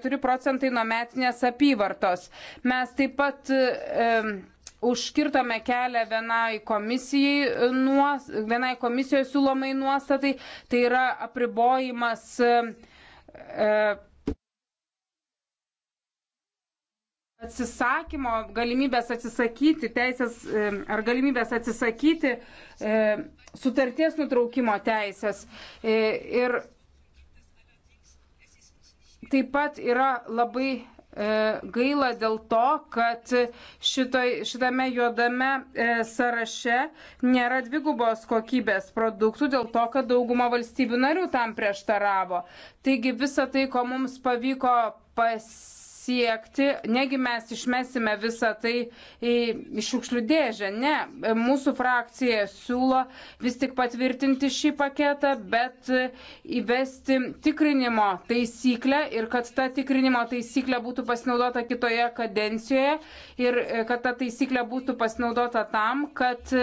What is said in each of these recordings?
4 procentai nuo metinės apyvartos. Mes taip pat e, užkirtome kelią vienai komisijai, nuos, vienai komisijoje siūlomai nuostatai, tai yra apribojimas. E, Atsisakymo, galimybės atsisakyti teisės e, ar galimybės atsisakyti e, sutarties nutraukimo teisės. E, ir Taip pat yra labai e, gaila dėl to, kad šitoj, šitame juodame e, sąraše nėra dvigubos kokybės produktų dėl to, kad dauguma valstybių narių tam prieštaravo. Taigi visą tai, ko mums pavyko pasiekti, siekti, negi mes išmesime visą tai į šiukšlių dėžę. Ne, mūsų frakcija siūlo vis tik patvirtinti šį paketą, bet įvesti tikrinimo taisyklę ir kad ta tikrinimo taisyklė būtų pasinaudota kitoje kadencijoje ir e, kad ta taisyklė būtų pasinaudota tam, kad e,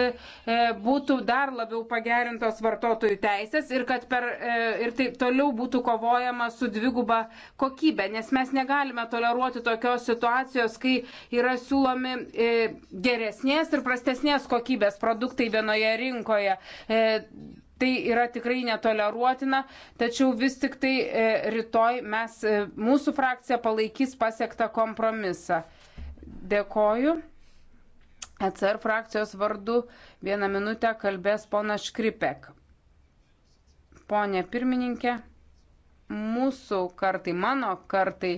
būtų dar labiau pagerintos vartotojų teisės ir kad per, e, ir taip toliau būtų kovojama su dviguba kokybė, nes mes negalime toliau netoleruoti tokios situacijos, kai yra siūlomi e, geresnės ir prastesnės kokybės produktai vienoje rinkoje. E, tai yra tikrai netoleruotina, tačiau vis tik tai e, rytoj mes, mūsų frakcija palaikys pasiektą kompromisą. Dėkoju. ECR frakcijos vardu vieną minutę kalbės ponas Škripek. Pone pirmininkė, mūsų kartai, mano kartai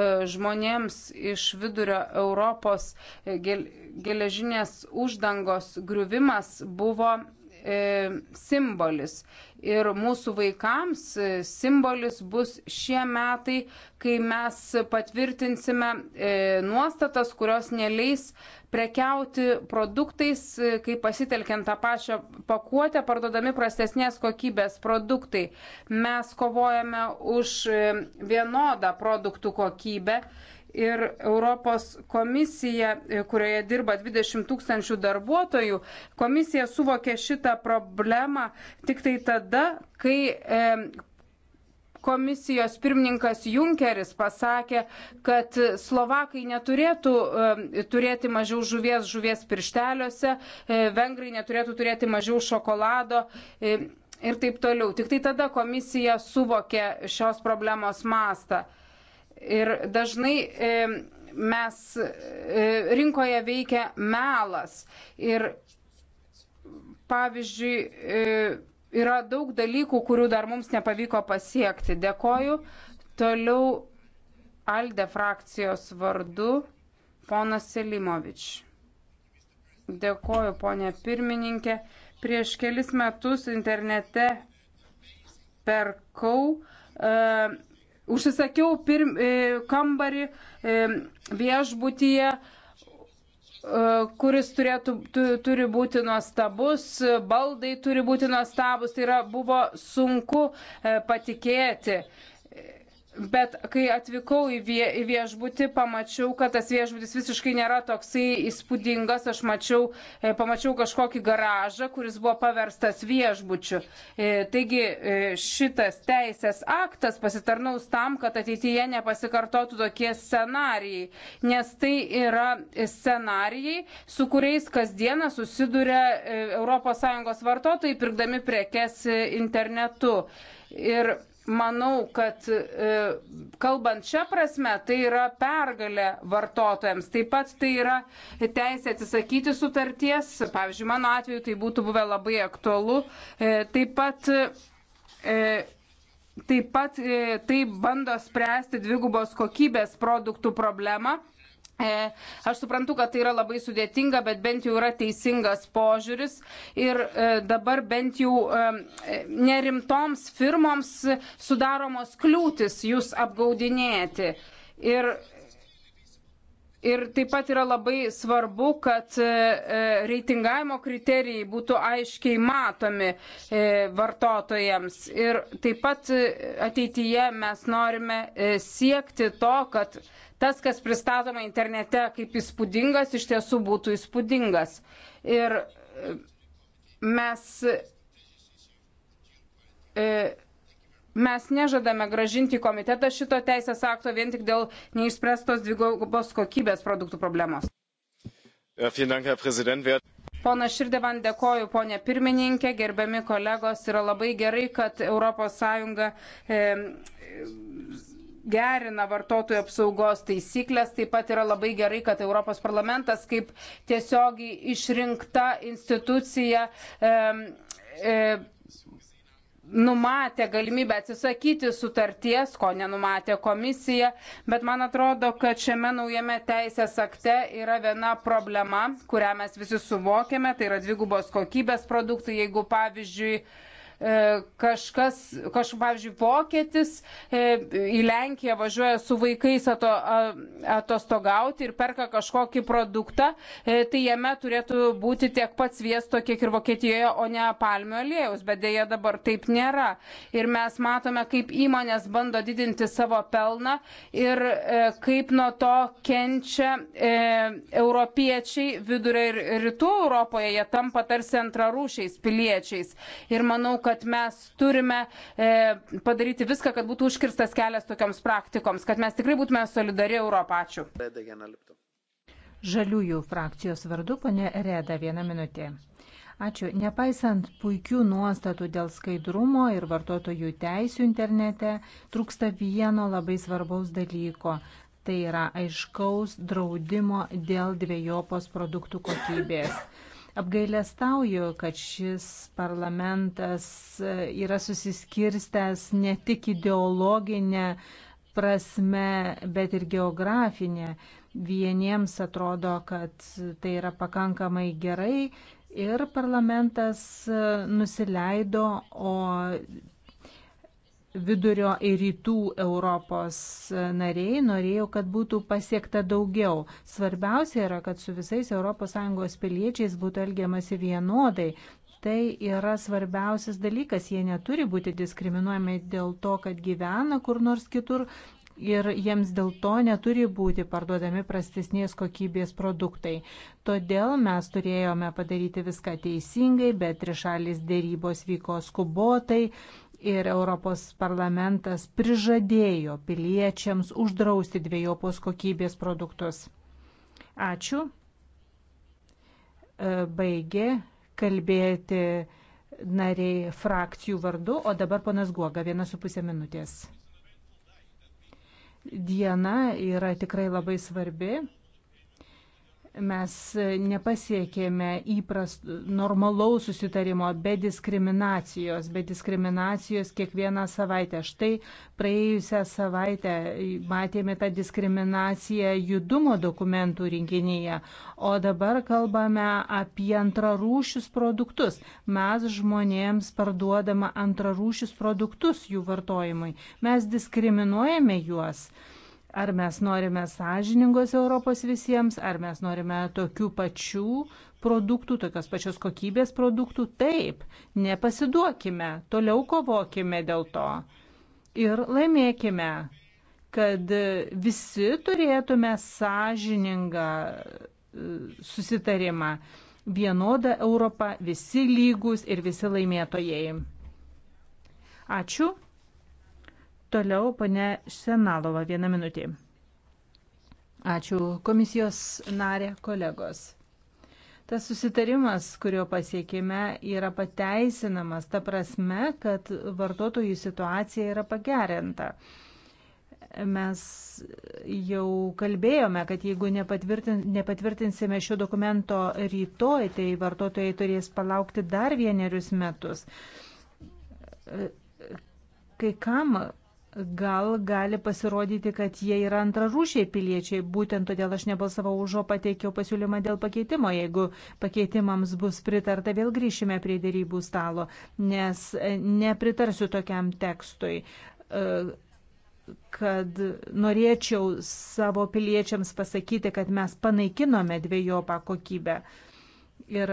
E, žmonėms iš vidurio Europos e, geležinės uždangos griuvimas buvo e, simbolis. Ir mūsų vaikams e, simbolis bus šie metai, kai mes patvirtinsime e, nuostatas, kurios neleis prekiauti produktais, e, kai pasitelkiant tą pačią pakuotę, parduodami prastesnės kokybės produktai. Mes kovojame už e, vienodą produktų kokybę ir Europos komisija, e, kurioje dirba 20 tūkstančių darbuotojų, komisija suvokė šitą problemą tik tai tada, kai e, komisijos pirmininkas Junkeris pasakė, kad Slovakai neturėtų e, turėti mažiau žuvies žuvies piršteliuose, e, vengrai neturėtų turėti mažiau šokolado. E, Ir taip toliau. Tik tai tada komisija suvokė šios problemos mastą. Ir dažnai e, mes e, rinkoje veikia melas. Ir pavyzdžiui, e, yra daug dalykų, kurių dar mums nepavyko pasiekti. Dėkoju. Toliau Alde frakcijos vardu ponas Selimovič. Dėkoju, ponė pirmininkė. Prieš kelis metus internete perkau e, Užsisakiau pirm, e, kambarį e, viešbutyje, e, kuris turėtų, tu, turi būti nuostabus, baldai turi būti nuostabus, tai yra buvo sunku e, patikėti. Bet kai atvykau į, vie, į viešbutį, pamačiau, kad tas viešbutis visiškai nėra toksai įspūdingas. Aš mačiau, e, pamačiau kažkokį garažą, kuris buvo paverstas viešbučiu. E, taigi e, šitas teisės aktas pasitarnaus tam, kad ateityje nepasikartotų tokie scenarijai. Nes tai yra scenarijai, su kuriais kasdieną susiduria ES vartotojai, pirkdami prekes internetu. Ir manau, kad e, kalbant šią prasme, tai yra pergalė vartotojams. Taip pat tai yra teisė atsisakyti sutarties. Pavyzdžiui, mano atveju tai būtų buvę labai aktualu. E, taip pat e, Taip pat tai bando spręsti dvigubos kokybės produktų problemą. E, aš suprantu, kad tai yra labai sudėtinga, bet bent jau yra teisingas požiūris ir e, dabar bent jau e, nerimtoms firmoms sudaromos kliūtis jūs apgaudinėti. Ir Ir taip pat yra labai svarbu, kad reitingavimo kriterijai būtų aiškiai matomi vartotojams. Ir taip pat ateityje mes norime siekti to, kad tas, kas pristatoma internete kaip įspūdingas, iš tiesų būtų įspūdingas. Ir e, mes, e, mes nežadame gražinti komitetą šito teisės akto vien tik dėl neišspręstos dvigubos kokybės produktų problemos. Ja, Dank, Herr Präsident. Pona Širdevan, dėkoju, ponė pirmininkė, gerbiami kolegos, yra labai gerai, kad ES e, gerina vartotojų apsaugos taisyklės. Taip pat yra labai gerai, kad Europos parlamentas kaip tiesiogiai išrinkta institucija e, e, numatė galimybę atsisakyti sutarties, ko nenumatė komisija, bet man atrodo, kad šiame naujame teisės akte yra viena problema, kurią mes visi suvokėme, tai yra dvigubos kokybės produktai, jeigu pavyzdžiui, E, kažkas, kažkaip, pavyzdžiui, vokietis e, į Lenkiją važiuoja su vaikais ato, atostogauti ir perka kažkokį produktą, e, tai jame turėtų būti tiek pats viesto, kiek ir Vokietijoje, o ne palmių aliejus, bet dėja dabar taip nėra. Ir mes matome, kaip įmonės bando didinti savo pelną ir kaip nuo to kenčia europiečiai vidurio ir rytų Europoje, jie tampa tarsi antrarūšiais piliečiais. Ir manau, kad mes turime e, padaryti viską, kad būtų užkirstas kelias tokioms praktikoms, kad mes tikrai būtume solidari Europą. Ačiū. Žaliųjų frakcijos vardu, ponė Reda, vieną minutę. Ačiū. Nepaisant puikių nuostatų dėl skaidrumo ir vartotojų teisų internete, trūksta vieno labai svarbaus dalyko. Tai yra aiškaus draudimo dėl dviejopos produktų kokybės. Apgailestauju, kad šis parlamentas e, yra susiskirstęs ne tik ideologinę prasme, bet ir geografinė. Vieniems atrodo, kad tai yra pakankamai gerai ir parlamentas e, nusileido, o vidurio ir rytų Europos nariai norėjo, kad būtų pasiekta daugiau. Svarbiausia yra, kad su visais ES piliečiais būtų elgiamasi vienodai. Tai yra svarbiausias dalykas. Jie neturi būti diskriminuojami dėl to, kad gyvena kur nors kitur ir jiems dėl to neturi būti parduodami prastesnės kokybės produktai. Todėl mes turėjome padaryti viską teisingai, bet trišalis dėrybos vyko skubotai ir Europos parlamentas prižadėjo piliečiams uždrausti dviejopos kokybės produktus. Ačiū. E, baigė kalbėti nariai frakcijų vardu, o dabar panas Guoga, viena su pusė minutės. Diena yra tikrai labai svarbi mes nepasiekėme įprast normalaus susitarimo be diskriminacijos, be diskriminacijos kiekvieną savaitę. Štai praėjusią savaitę matėme tą diskriminaciją judumo dokumentų rinkinyje, o dabar kalbame apie antrarūšius produktus. Mes žmonėms parduodama antrarūšius produktus jų vartojimui. Mes diskriminuojame juos. Uh, Ar mes norime sąžiningos Europos visiems, ar mes norime tokių pačių produktų, tokios pačios kokybės produktų? Taip, nepasiduokime, toliau kovokime dėl to ir laimėkime, kad visi turėtume sąžiningą e, susitarimą. Vienoda Europa, visi lygus ir visi laimėtojai. Ačiū. Toliau pane Senalova, vieną minutį. Ačiū komisijos narė kolegos. Tas susitarimas, kurio pasiekime, yra pateisinamas ta prasme, kad vartotojų situacija yra pagerinta. Mes jau kalbėjome, kad jeigu nepatvirtin, nepatvirtinsime šio dokumento rytoj, tai vartotojai turės palaukti dar vienerius metus. Kai kam gal gali pasirodyti, kad jie yra antrarūšiai piliečiai. Būtent todėl aš nebalsavau už, o pateikiau pasiūlymą dėl pakeitimo. Jeigu pakeitimams bus pritarta, vėl grįšime prie dėrybų stalo, nes e, nepritarsiu tokiam tekstui e, kad norėčiau savo piliečiams pasakyti, kad mes panaikinome dviejopą kokybę. Ir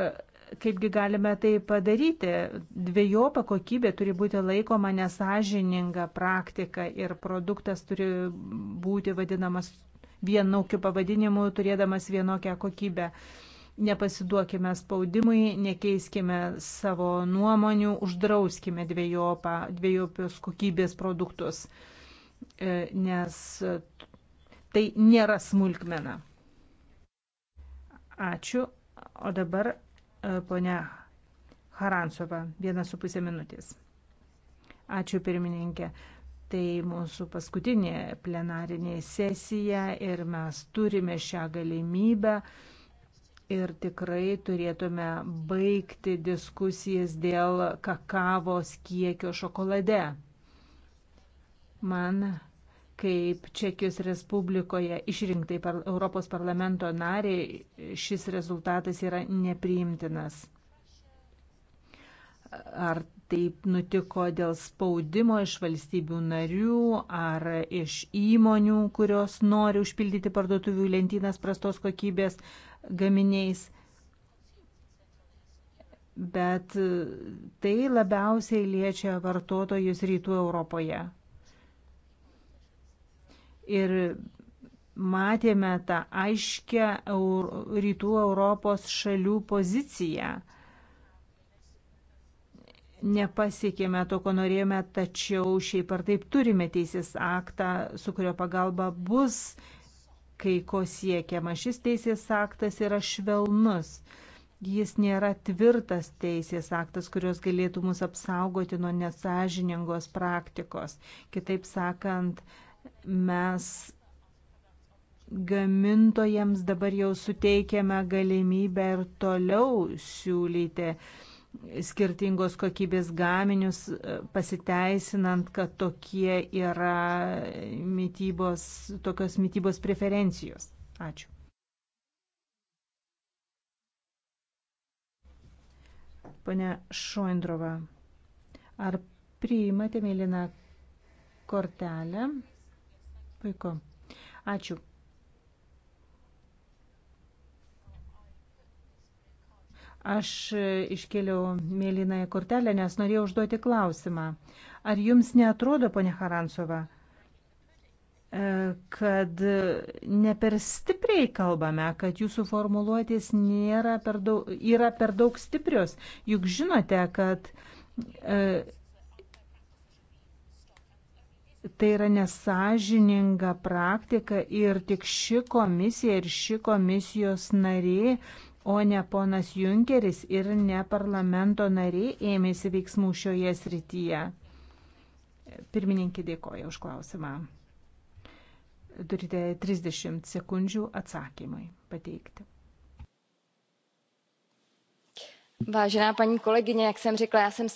kaipgi galime tai padaryti. Dviejopa kokybė turi būti laikoma nesažininga praktika ir produktas turi būti vadinamas vienokiu pavadinimu, turėdamas vienokią kokybę. Nepasiduokime spaudimui, nekeiskime savo nuomonių, uždrauskime dviejopą, dviejopios kokybės produktus, e, nes tai nėra smulkmena. Ačiū. O dabar E, ponia Harantsova, vieną su pusė minutės. Ačiū pirmininkė. Tai mūsų paskutinė plenarinė sesija ir mes turime šią galimybę ir tikrai turėtume baigti diskusijas dėl kakavos kiekio šokolade. Man kaip Čekijos Respublikoje išrinktai par Europos parlamento nariai šis rezultatas yra nepriimtinas. Ar taip nutiko dėl spaudimo iš valstybių narių ar iš įmonių, kurios nori užpildyti parduotuvių lentynas prastos kokybės gaminiais. Bet tai labiausiai liečia vartotojus rytų Europoje ir matėme tą aiškę rytų Europos šalių poziciją. Nepasiekėme to, ko norėjome, tačiau šiaip ar taip turime teisės aktą, su kurio pagalba bus kai ko siekiama. Šis teisės aktas yra švelnus. Jis nėra tvirtas teisės aktas, kurios galėtų mus apsaugoti nuo nesažiningos praktikos. Kitaip sakant, uh, Mes gamintojams dabar jau suteikiame galimybę ir toliau siūlyti skirtingos kokybės gaminius, e, pasiteisinant, kad tokie yra mytybos, tokios mytybos preferencijos. Ačiū. Pane Šoindrova, ar priimate mėlyną kortelę? Puiku. Ačiū. Aš iškėliau mėlynąją kortelę, nes norėjau užduoti klausimą. Ar jums netrodo, ponė Harantsova, e, kad ne per stipriai kalbame, kad jūsų formuluotės nėra per daug, yra per daug stiprios? Juk žinote, kad e, tai yra nesažininga praktika ir tik ši komisija ir ši komisijos nariai, o ne ponas Junkeris ir ne parlamento nariai ėmėsi veiksmų šioje srityje. Pirmininkė dėkoja už klausimą. Turite 30 sekundžių atsakymai pateikti. Vážená paní kolegyně, jak jsem řekla, já jsem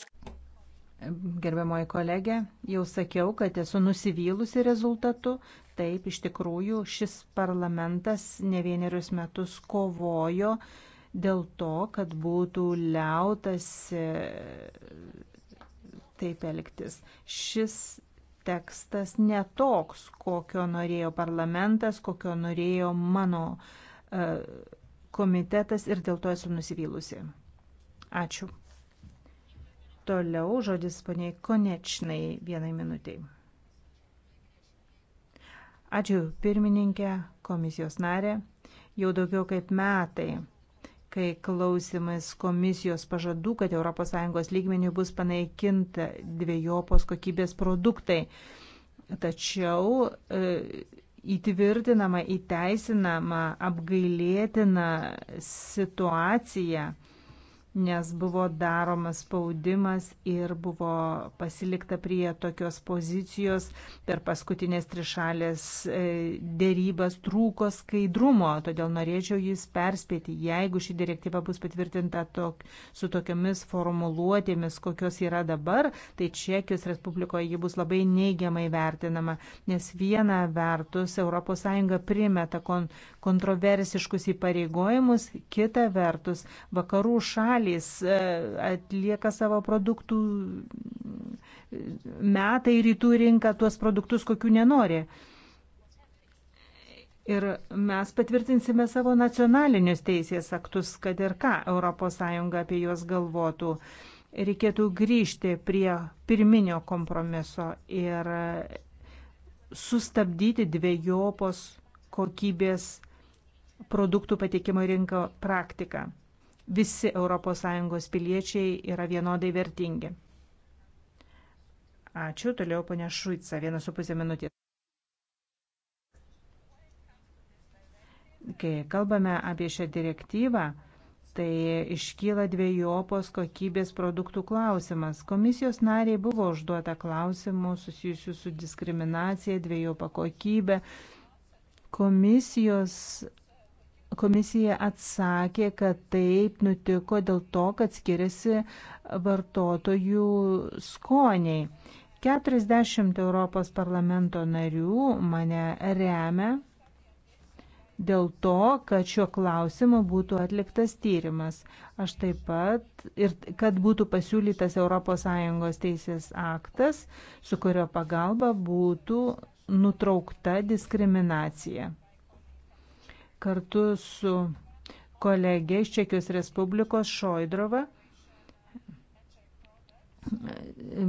gerbiamoji kolegė, jau sakiau, kad esu nusivylusi rezultatu. Taip, iš tikrųjų, šis parlamentas ne vienerius metus kovojo dėl to, kad būtų liautas e, taip elgtis. Šis tekstas netoks, kokio norėjo parlamentas, kokio norėjo mano e, komitetas ir dėl to esu nusivylusi. Ačiū. Toliau žodis poniai konečnai vienai minutiai. Ačiū pirmininkė, komisijos narė. Jau daugiau kaip metai, kai klausimas komisijos pažadų, kad ES lygmenių bus panaikinta dviejopos kokybės produktai. Tačiau e, įtvirtinama, įteisinama, apgailėtina situacija nes buvo daromas spaudimas ir buvo pasilikta prie tokios pozicijos per paskutinės trišalės e, dėrybas trūko skaidrumo, todėl norėčiau jūs perspėti, jeigu ši direktyva bus patvirtinta tok, su tokiamis formuluotėmis, kokios yra dabar, tai Čekijos Respublikoje ji bus labai neigiamai vertinama, nes viena vertus ES primeta kon kontroversiškus įpareigojimus, kita vertus, vakarų šalis e, atlieka savo produktų metai rytų rinką tuos produktus, kokių nenori. Ir mes patvirtinsime savo nacionalinius teisės aktus, kad ir ką ES apie juos galvotų. Reikėtų grįžti prie pirminio kompromiso ir sustabdyti dviejopos kokybės produktų pateikimo rinko praktiką. Visi ES piliečiai yra vienodai vertingi. Ačiū, toliau ponia Šuica, vienas su pusė minutės. Kai kalbame apie šią direktyvą, tai iškyla dviejopos kokybės produktų klausimas. Komisijos nariai buvo užduota klausimų susijusių su diskriminacija, dviejopą kokybę. Komisijos Komisija atsakė, kad taip nutiko dėl to, kad skiriasi vartotojų skoniai. 40 Europos parlamento narių mane remia dėl to, kad šiuo klausimu būtų atliktas tyrimas. Aš taip pat ir kad būtų pasiūlytas ES teisės aktas, su kurio pagalba būtų nutraukta diskriminacija kartu su kolegė iš Čekijos Respublikos Šoidrova.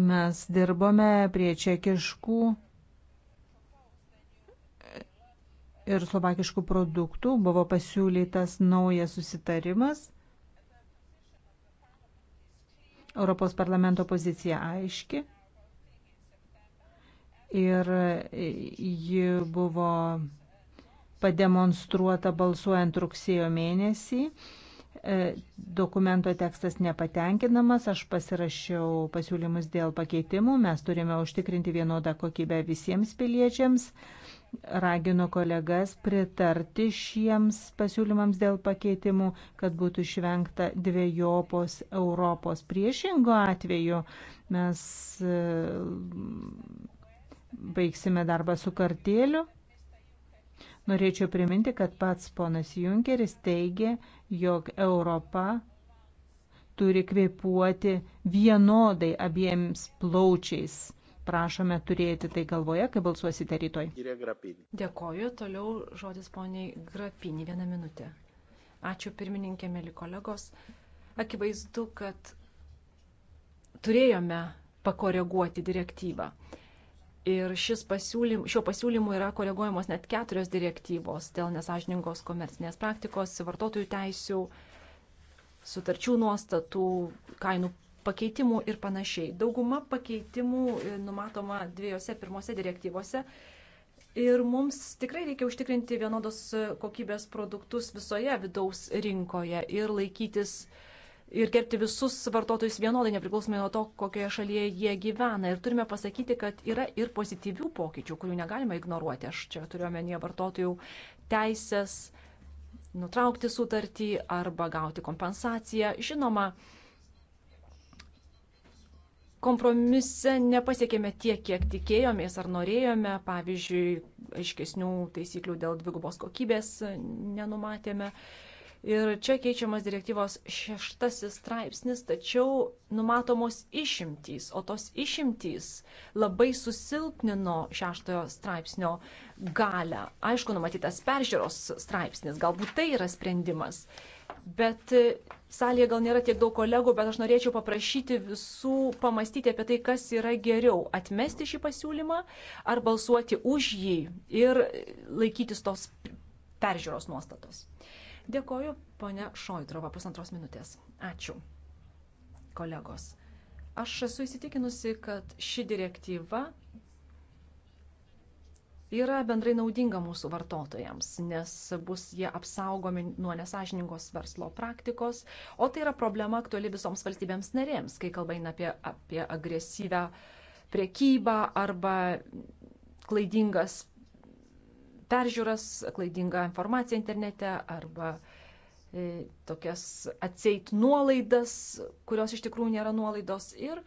Mes dirbome prie čekiškų ir slovakiškų produktų. Buvo pasiūlytas naujas susitarimas. Europos parlamento pozicija aiški ir ji buvo pademonstruota balsuojant rugsėjo mėnesį. E, dokumento tekstas nepatenkinamas, aš pasirašiau pasiūlymus dėl pakeitimų, mes turime užtikrinti vienodą kokybę visiems piliečiams. Raginu kolegas pritarti šiems pasiūlymams dėl pakeitimų, kad būtų išvengta dviejopos Europos priešingo atveju. Mes e, baigsime darbą su kartėliu. Norėčiau priminti, kad pats ponas Junkeris teigė, jog Europa turi kvepuoti vienodai abiems plaučiais. Prašome turėti tai galvoje, kai balsuosite rytoj. Dėkoju. Toliau žodis poniai Grapinį. Vieną minutę. Ačiū pirmininkė, mėly kolegos. Akivaizdu, kad turėjome pakoreguoti direktyvą. Ir pasiūlym, šio pasiūlymu yra koreguojamos net keturios direktyvos dėl nesažiningos komercinės praktikos, vartotojų teisių, sutarčių nuostatų, kainų pakeitimų ir panašiai. Dauguma pakeitimų e, numatoma dviejose pirmose direktyvose. Ir mums tikrai reikia užtikrinti vienodos kokybės produktus visoje vidaus rinkoje ir laikytis uh, ir gerbti visus vartotojus vienodai, nepriklausomai nuo to, kokioje šalyje jie gyvena. Ir turime pasakyti, kad yra ir pozityvių pokyčių, kurių negalima ignoruoti. Aš čia turiu omenyje vartotojų teisės nutraukti sutartį arba gauti kompensaciją. Žinoma, kompromise nepasiekėme tiek, kiek tikėjomės ar norėjome. Pavyzdžiui, aiškesnių taisyklių dėl dvigubos kokybės nenumatėme. Uh, Ir čia keičiamas direktyvos šeštasis straipsnis, tačiau numatomos išimtys, o tos išimtys labai susilpnino šeštojo straipsnio galę. Aišku, numatytas peržiūros straipsnis, galbūt tai yra sprendimas. Bet salėje gal nėra tiek daug kolegų, bet aš norėčiau paprašyti visų pamastyti apie tai, kas yra geriau - atmesti šį pasiūlymą ar balsuoti už jį ir laikytis tos peržiūros nuostatos. Dėkoju, ponia Šoitrova, pusantros minutės. Ačiū, kolegos. Aš esu įsitikinusi, kad ši direktyva yra bendrai naudinga mūsų vartotojams, nes bus jie apsaugomi nuo nesažiningos verslo praktikos, o tai yra problema aktuali visoms valstybėms narėms, kai kalba eina apie, apie agresyvę priekybą arba klaidingas peržiūras, klaidingą informaciją internete arba e, tokias atseit nuolaidas, kurios iš tikrųjų nėra nuolaidos. Ir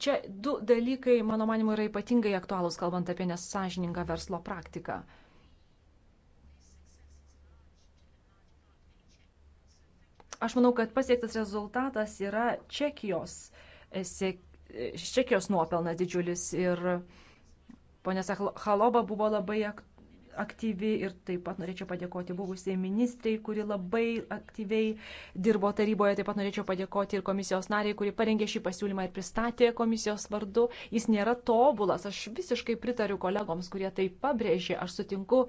čia du dalykai, mano manimu, yra ypatingai aktualūs, kalbant apie nesažiningą verslo praktiką. Aš manau, kad pasiektas rezultatas yra Čekijos, e, e, Čekijos nuopelnas didžiulis ir ponė Haloba buvo labai aktualus aktyvi ir taip pat norėčiau padėkoti buvusiai ministrei, kuri labai aktyviai dirbo taryboje. Taip pat norėčiau padėkoti ir komisijos nariai, kuri parengė šį pasiūlymą ir pristatė komisijos vardu. Jis nėra tobulas. Aš visiškai pritariu kolegoms, kurie tai pabrėžė. Aš sutinku,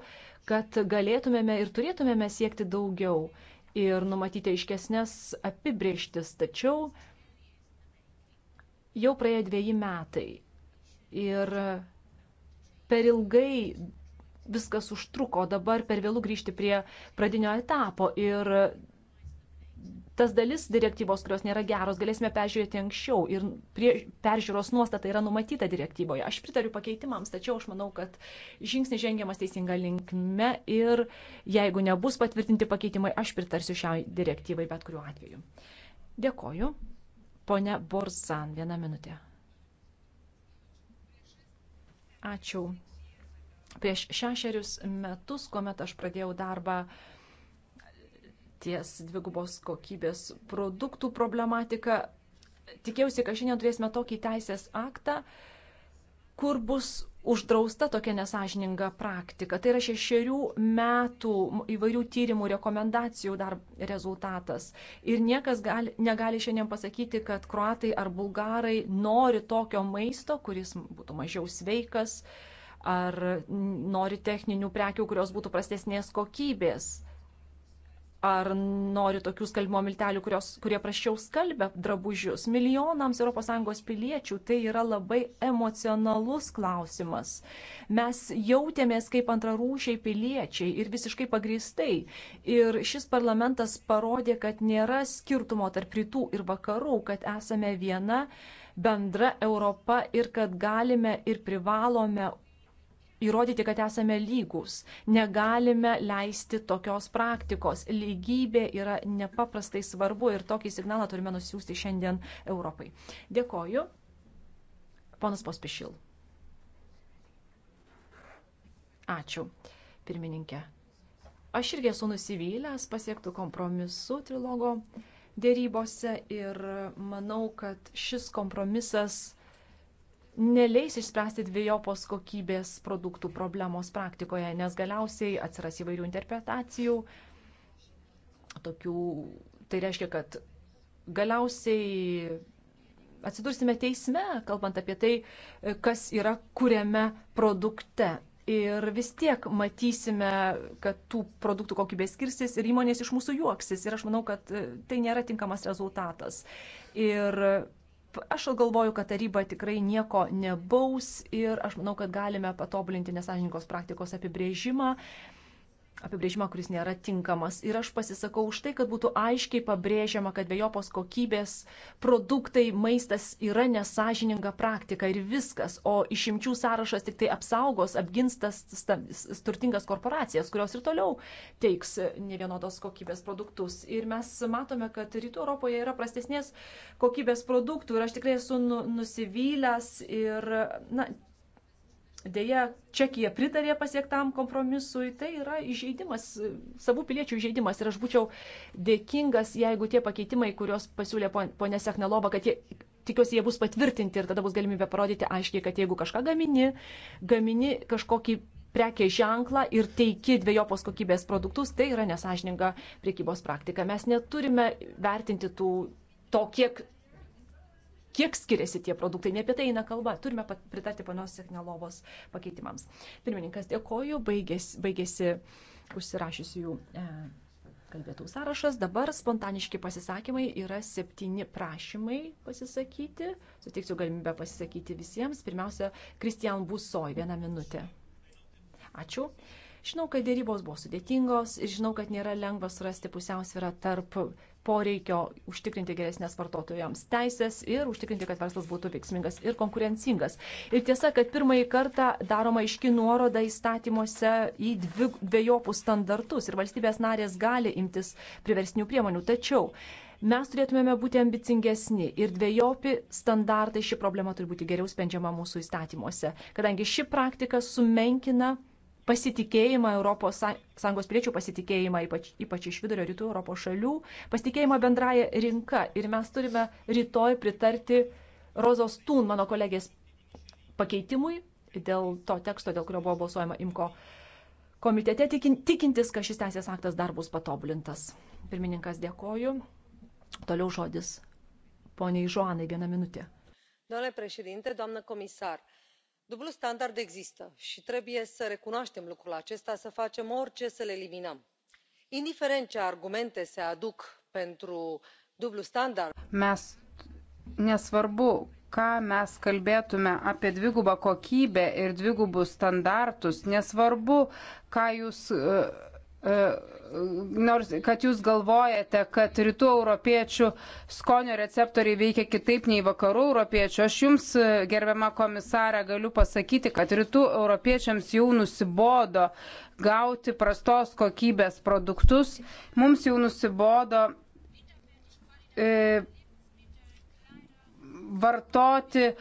kad galėtumėme ir turėtumėme siekti daugiau ir numatyti aiškesnės apibrieštis. Tačiau jau praėjo dviejai metai ir per ilgai viskas užtruko, dabar per vėlų grįžti prie pradinio etapo ir tas dalis direktyvos, kurios nėra geros, galėsime peržiūrėti anksčiau ir prie, peržiūros nuostata yra numatyta direktyvoje. Aš pritariu pakeitimams, tačiau aš manau, kad žingsnis žengiamas teisinga linkme ir jeigu nebus patvirtinti pakeitimai, aš pritarsiu šiai direktyvai bet kuriuo atveju. Dėkoju. Pone Borsan, vieną minutę. Ačiū, Prieš šešerius metus, kuomet aš pradėjau darbą ties dvigubos kokybės produktų problematika, tikėjausi, kad šiandien turėsime tokį teisės aktą, kur bus uždrausta tokia nesažininga praktika. Tai yra šešerių metų įvairių tyrimų rekomendacijų dar rezultatas. Ir niekas gali, negali šiandien pasakyti, kad kruatai ar bulgarai nori tokio maisto, kuris būtų mažiau sveikas, uh, ar nori techninių prekių, kurios būtų prastesnės kokybės, ar nori tokių skalbimo miltelių, kurios, kurie praščiau skalbia drabužius. Milijonams ES piliečių tai yra labai emocionalus klausimas. Mes jautėmės kaip antrarūšiai piliečiai ir visiškai pagristai. Ir šis parlamentas parodė, kad nėra skirtumo tarp rytų ir vakarų, kad esame viena bendra Europa ir kad galime ir privalome įrodyti, kad esame lygus. Negalime leisti tokios praktikos. Lygybė yra nepaprastai svarbu ir tokį signalą turime nusiųsti šiandien Europai. Dėkoju. Ponas Pospišil. Ačiū, pirmininkė. Aš irgi esu nusivylęs pasiektų kompromisų trilogo dėrybose ir manau, kad šis kompromisas neleis išspręsti dviejopos kokybės produktų problemos praktikoje, nes galiausiai atsiras įvairių interpretacijų. Tokių, tai reiškia, kad galiausiai atsidursime teisme, kalbant apie tai, kas yra kuriame produkte. Ir vis tiek matysime, kad tų produktų kokybė skirsis ir įmonės iš mūsų juoksis. Ir aš manau, kad e, tai nėra tinkamas rezultatas. Ir Aš galvoju, kad taryba tikrai nieko nebaus ir aš manau, kad galime patobulinti nesąžininkos praktikos apibrėžimą apibrėžimą, kuris nėra tinkamas. Ir aš pasisakau už tai, kad būtų aiškiai pabrėžiama, kad bejopos kokybės produktai, maistas yra nesažininga praktika ir viskas, o išimčių sąrašas tik tai apsaugos, apginstas turtingas korporacijas, kurios ir toliau teiks nevienodos kokybės produktus. Ir mes matome, kad rytų Europoje yra prastesnės kokybės produktų ir aš tikrai esu nu, nusivylęs ir, na, Deja, Čekija pritarė pasiektam kompromisui, tai yra įžeidimas, savų piliečių įžeidimas. Ir aš būčiau dėkingas, jeigu tie pakeitimai, kuriuos pasiūlė ponė Seknelova, kad jie, tikiuosi, jie bus patvirtinti ir tada bus galimybė parodyti aiškiai, kad jeigu kažką gamini, gamini kažkokį prekės ženklą ir teiki dviejopos kokybės produktus, tai yra nesažininga priekybos praktika. Mes neturime vertinti tų, to, kiek kiek skiriasi tie produktai. Ne apie tai eina kalba. Turime pritarti ponios Seknelovos pakeitimams. Pirmininkas, dėkoju. Baigėsi, baigėsi užsirašysiu jų e, kalbėtų sąrašas. Dabar spontaniški pasisakymai yra septyni prašymai pasisakyti. Suteiksiu galimybę pasisakyti visiems. Pirmiausia, Kristijan Busoj, vieną minutę. Ačiū. Žinau, kad dėrybos buvo sudėtingos ir žinau, kad nėra lengva surasti pusiausvyrą tarp poreikio užtikrinti geresnės vartotojams teisės ir užtikrinti, kad verslas būtų veiksmingas ir konkurencingas. Ir tiesa, kad pirmąjį kartą daroma iški nuoroda įstatymuose į dvi, dviejopus standartus ir valstybės narės gali imtis priversnių priemonių. Tačiau mes turėtumėme būti ambicingesni ir dviejopi standartai ši problema turi būti geriau sprendžiama mūsų įstatymuose, kadangi ši praktika sumenkina pasitikėjimą Europos Sąjungos piliečių pasitikėjimą, ypač, ypač iš vidurio rytų Europos šalių, pasitikėjimą bendraja rinka. Ir mes turime rytoj pritarti Rozos Tūn, mano kolegės, pakeitimui dėl to teksto, dėl kurio buvo balsuojama Imko komitete, tikintis, kad šis teisės aktas dar bus patobulintas. Pirmininkas dėkoju. Toliau žodis poniai Žuanai, vieną minutę. Domnule președinte, doamnă comisar, dublul standard există și trebuie să recunoaștem lucrul acesta să facem orice să l eliminăm indiferent ce argumente se aduc pentru dublų standardą. Mes nesvarbu, ką mes kalbėtume apie dvigubą kokybę ir dvigubus standartus, nesvarbu, ką jūs. Uh, uh, nors kad jūs galvojate, kad rytų europiečių skonio receptoriai veikia kitaip nei vakarų europiečių, aš jums, gerbiama komisarė, galiu pasakyti, kad rytų europiečiams jau nusibodo gauti prastos kokybės produktus, mums jau nusibodo e, vartoti e,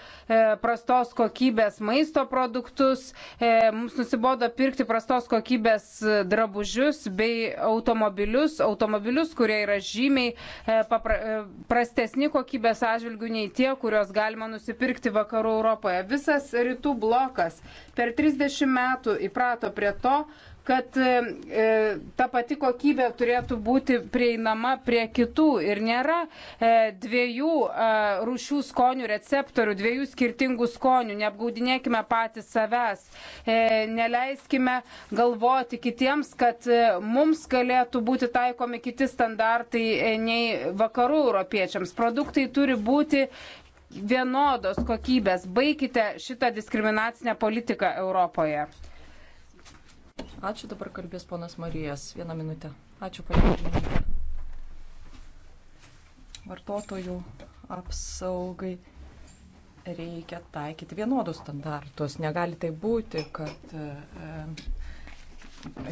prastos kokybės maisto produktus, e, mums nusibodo pirkti prastos kokybės e, drabužius bei automobilius, automobilius, kurie yra žymiai e, papra, e, prastesni kokybės atžvilgių nei tie, kuriuos galima nusipirkti vakarų Europoje. Visas rytų blokas per 30 metų įprato prie to, kad e, e, ta pati kokybė turėtų būti prieinama prie kitų ir nėra e, dviejų e, rūšių skonių receptorių, dviejų skirtingų skonių. Neapgaudinėkime patys savęs, e, neleiskime galvoti kitiems, kad e, mums galėtų būti taikomi kiti standartai e, nei vakarų europiečiams. Produktai turi būti vienodos kokybės. Baikite šitą diskriminacinę politiką Europoje. Ačiū dabar kalbės ponas Marijas. Vieną minutę. Ačiū, ponė pirmininkė. Vartotojų apsaugai reikia taikyti vienodus standartus. Negali tai būti, kad e,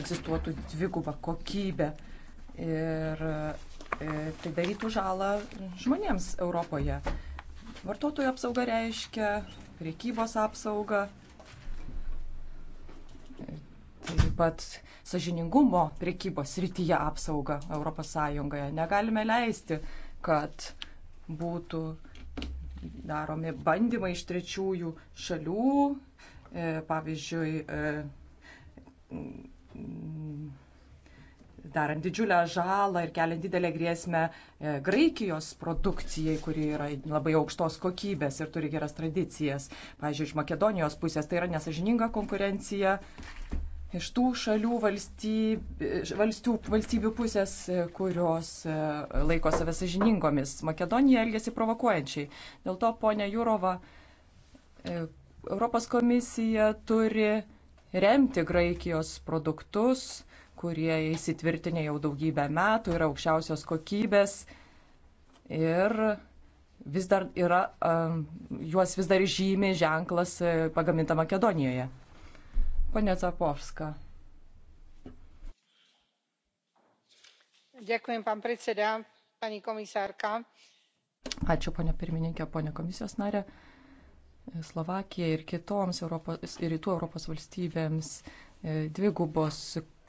egzistuotų dviguba kokybė. Ir e, tai darytų žalą žmonėms Europoje. Vartotojų apsauga reiškia priekybos apsaugą, pat sažiningumo priekybos rytyje apsaugą ES. Negalime leisti, kad būtų daromi bandymai iš trečiųjų šalių, e, pavyzdžiui, e, darant didžiulę žalą ir keliant didelę grėsmę e, Graikijos produkcijai, kuri yra labai aukštos kokybės ir turi geras tradicijas. Pavyzdžiui, iš Makedonijos pusės tai yra nesažininga konkurencija iš tų šalių valstyb, valstyb, valstybių pusės, kurios e, laiko save sažiningomis. Makedonija elgesi provokuojančiai. Dėl to, ponė Jūrova, e, Europos komisija turi remti Graikijos produktus, kurie įsitvirtinė jau daugybę metų, yra aukščiausios kokybės ir vis dar yra, e, juos vis dar žymi ženklas pagaminta Makedonijoje. Pane Zapovska. Ďakujem, pán predseda, pani komisárka. Ačiū, ponė pirmininkė, ponė komisijos narė. Slovakija ir kitoms Europos, ir rytų Europos valstybėms e, dvigubos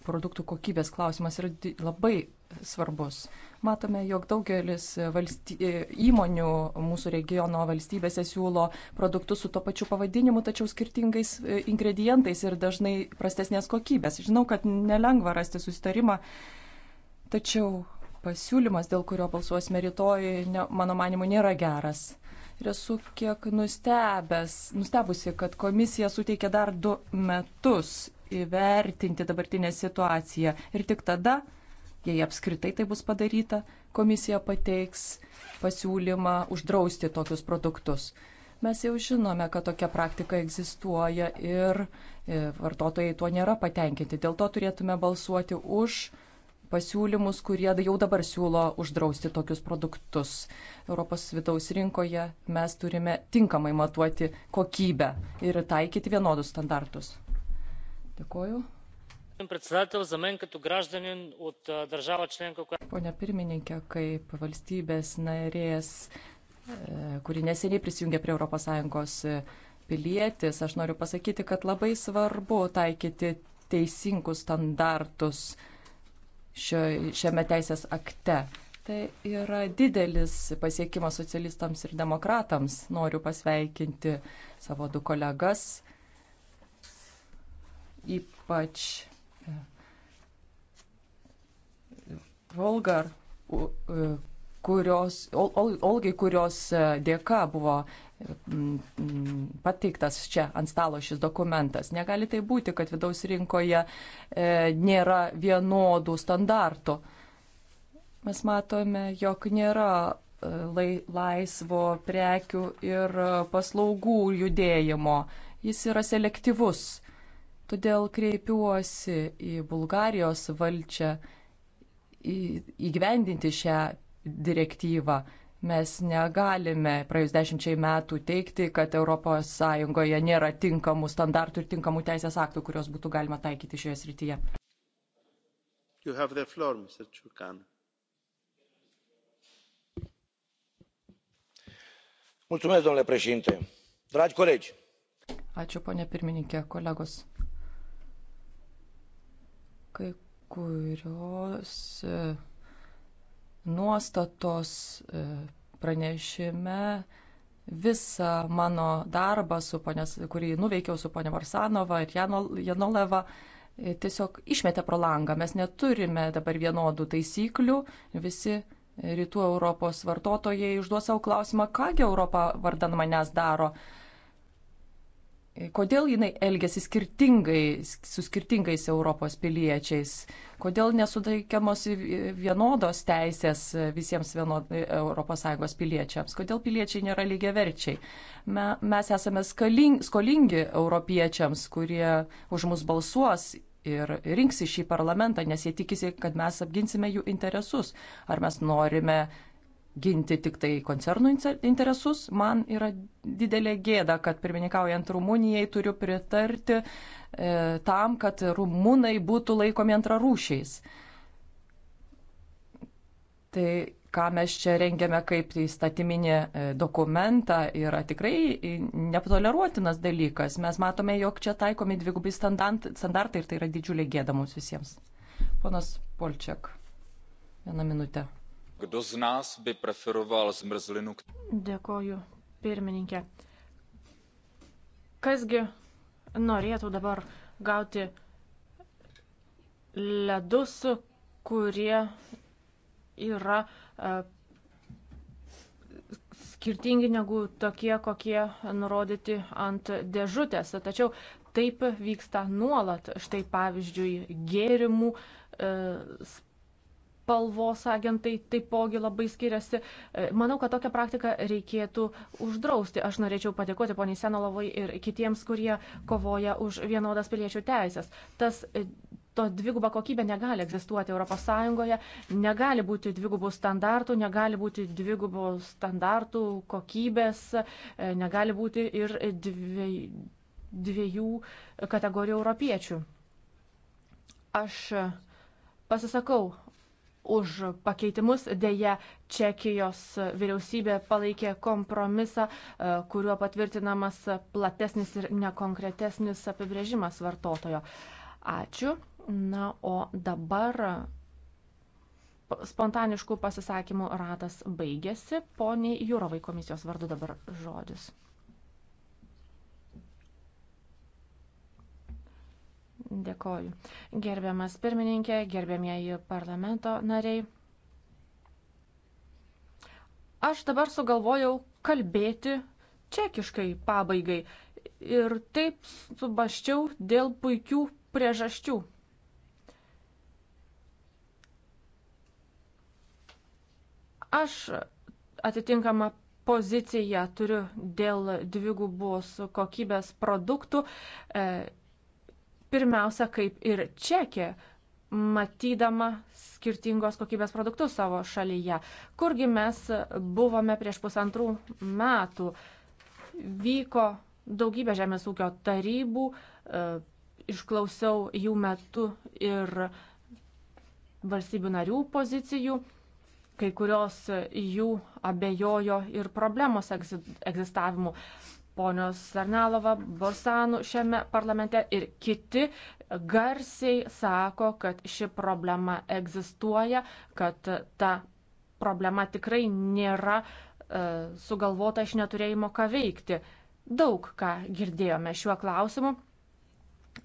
produktų kokybės klausimas yra labai svarbus. Matome, jog daugelis valsty... įmonių mūsų regiono valstybėse siūlo produktus su to pačiu pavadinimu, tačiau skirtingais e, ingredientais ir dažnai prastesnės kokybės. Žinau, kad nelengva rasti sustarimą, tačiau pasiūlymas, dėl kurio balsuosime rytoj, ne, mano manimu, nėra geras. Ir esu kiek nustebęs, nustebusi, kad komisija suteikė dar du metus įvertinti dabartinę situaciją ir tik tada Jei apskritai tai bus padaryta, komisija pateiks pasiūlymą uždrausti tokius produktus. Mes jau žinome, kad tokia praktika egzistuoja ir e, vartotojai tuo nėra patenkinti. Dėl to turėtume balsuoti už pasiūlymus, kurie jau dabar siūlo uždrausti tokius produktus. Europos vidaus rinkoje mes turime tinkamai matuoti kokybę ir taikyti vienodus standartus. Dėkuoju. Pone pirmininkė, kaip valstybės narės, kuri neseniai prisijungė prie ES pilietis, aš noriu pasakyti, kad labai svarbu taikyti teisingus standartus šio, šiame teisės akte. Tai yra didelis pasiekimas socialistams ir demokratams. Noriu pasveikinti savo du kolegas, ypač Volgar, e, kurios, Ol, Ol, Olgai, kurios e, dėka buvo pateiktas čia ant stalo šis dokumentas. Negali tai būti, kad vidaus rinkoje e, nėra vienodų standartų. Mes matome, jog nėra laisvo prekių ir paslaugų judėjimo. Jis yra selektyvus Todėl kreipiuosi į Bulgarijos valdžią įgyvendinti šią direktyvą. Mes negalime praėjus dešimčiai metų teikti, kad ES nėra tinkamų standartų ir tinkamų teisės aktų, kuriuos būtų galima taikyti šioje srityje. Floor, Mulțumesc, domnule președinte dragi colegi ačiū pone pirmininke kolegos Kai kurios e, nuostatos e, pranešime visą mano darbą, su ponės, kurį nuveikiau su ponė Varsanova ir Janoleva, e, tiesiog išmetė pro langą. Mes neturime dabar vienodų taisyklių, visi rytų Europos vartotojai užduos savo klausimą, kągi Europa vardan manęs daro kodėl jinai elgesi skirtingai su skirtingais Europos piliečiais, kodėl nesudaikiamos vienodos teisės visiems vienod, ES piliečiams, kodėl piliečiai nėra lygiaverčiai. Me, mes esame skaling, skolingi europiečiams, kurie už mus balsuos. Ir rinksi šį parlamentą, nes jie tikisi, kad mes apginsime jų interesus. Ar mes norime ginti tik tai koncernų interesus. Man yra didelė gėda, kad pirmininkaujant Rumunijai turiu pritarti e, tam, kad rumunai būtų laikomi antrarūšiais. Tai ką mes čia rengiame kaip įstatyminį e, dokumentą, yra tikrai netoleruotinas dalykas. Mes matome, jog čia taikomi dvigubai standartai ir tai yra didžiulė gėda mums visiems. Ponas Polčiak, vieną minutę. Kdo z nás by preferoval zmrzlinu? Dėkoju, pirmininkė. Kasgi norėtų dabar gauti ledus, kurie yra e, skirtingi negu tokie, kokie nurodyti ant dėžutės. Tačiau taip vyksta nuolat. Štai pavyzdžiui, gėrimų, e, spalvos agentai taipogi labai skiriasi. E, manau, kad tokią praktiką reikėtų uždrausti. Aš norėčiau padėkoti poniai Senolovai ir kitiems, kurie kovoja už vienodas piliečių teisės. Tas e, to dviguba kokybė negali egzistuoti ES, negali būti dvigubų standartų, negali būti dvigubų standartų kokybės, e, negali būti ir dviejų kategorijų europiečių. Aš pasisakau už pakeitimus. Deja, Čekijos vyriausybė palaikė kompromisą, e, kuriuo patvirtinamas platesnis ir nekonkretesnis apibrėžimas vartotojo. Ačiū. Na, o dabar spontaniškų pasisakymų ratas baigėsi. Poniai Jūrovai komisijos vardu dabar žodis. Dėkoju. Gerbiamas pirmininkė, gerbiamieji parlamento nariai. Aš dabar sugalvojau kalbėti čekiškai pabaigai ir taip subaščiau dėl puikių priežasčių. Aš atitinkamą poziciją turiu dėl dvigubos kokybės produktų. E, pirmiausia, kaip ir Čekė, matydama skirtingos kokybės produktus savo šalyje. Kurgi mes buvome prieš pusantrų metų? Vyko daugybė žemės ūkio tarybų, e, išklausiau jų metu ir valstybių narių pozicijų, kai kurios jų abejojo ir problemos egzistavimu ponios Sarnalova, Borsanų šiame parlamente ir kiti garsiai sako, kad ši problema egzistuoja, kad ta problema tikrai nėra e, sugalvota iš neturėjimo ką veikti. Daug ką girdėjome šiuo klausimu.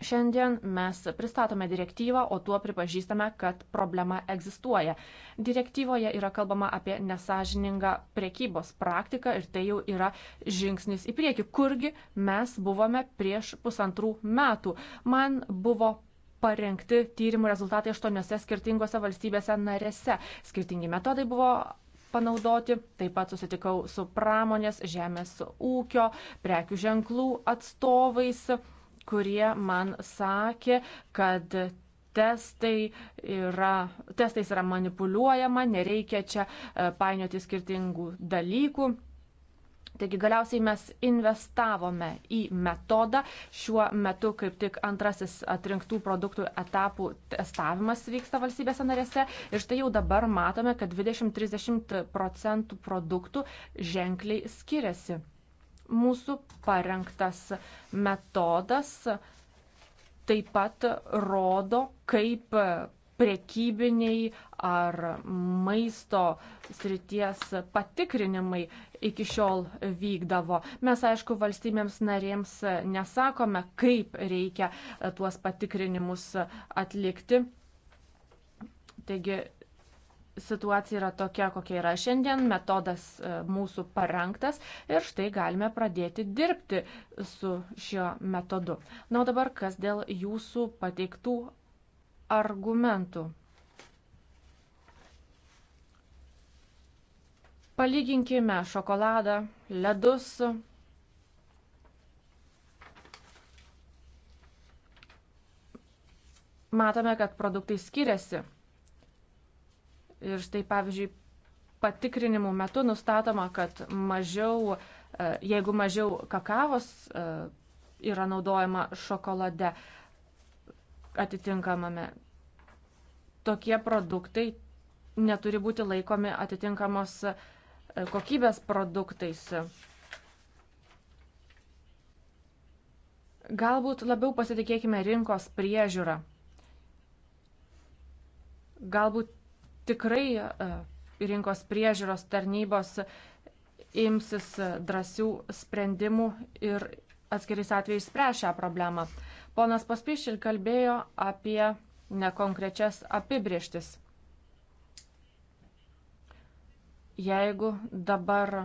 Šiandien mes pristatome direktyvą, o tuo pripažįstame, kad problema egzistuoja. Direktyvoje yra kalbama apie nesažiningą priekybos praktiką ir tai jau yra žingsnis į priekį, kurgi mes buvome prieš pusantrų metų. Man buvo parengti tyrimų rezultatai aštuoniuose skirtingose valstybėse narėse. Skirtingi metodai buvo panaudoti. Taip pat susitikau su pramonės, žemės ūkio, prekių ženklų atstovais kurie man sakė, kad testai yra, testais yra manipuliuojama, nereikia čia e, painioti skirtingų dalykų. Taigi galiausiai mes investavome į metodą. Šiuo metu kaip tik antrasis atrinktų produktų etapų testavimas vyksta valstybėse narėse. Ir štai jau dabar matome, kad 20-30 procentų produktų ženkliai skiriasi mūsų parengtas metodas taip pat rodo, kaip prekybiniai ar maisto srities patikrinimai iki šiol vykdavo. Mes, aišku, valstybėms narėms nesakome, kaip reikia tuos patikrinimus atlikti. Taigi situacija yra tokia, kokia yra šiandien, metodas e, mūsų parengtas ir štai galime pradėti dirbti su šiuo metodu. Na, o dabar kas dėl jūsų pateiktų argumentų. Palyginkime šokoladą, ledus. Matome, kad produktai skiriasi. Ir štai pavyzdžiui, patikrinimų metu nustatoma, kad mažiau, e, jeigu mažiau kakavos e, yra naudojama šokolade atitinkamame, tokie produktai neturi būti laikomi atitinkamos e, kokybės produktais. Galbūt labiau pasitikėkime rinkos priežiūrą. Galbūt tikrai e, rinkos priežiūros tarnybos imsis drąsių sprendimų ir atskiriais atvejais spręs šią problemą. Ponas Paspišil kalbėjo apie nekonkrečias apibrieštis. Jeigu dabar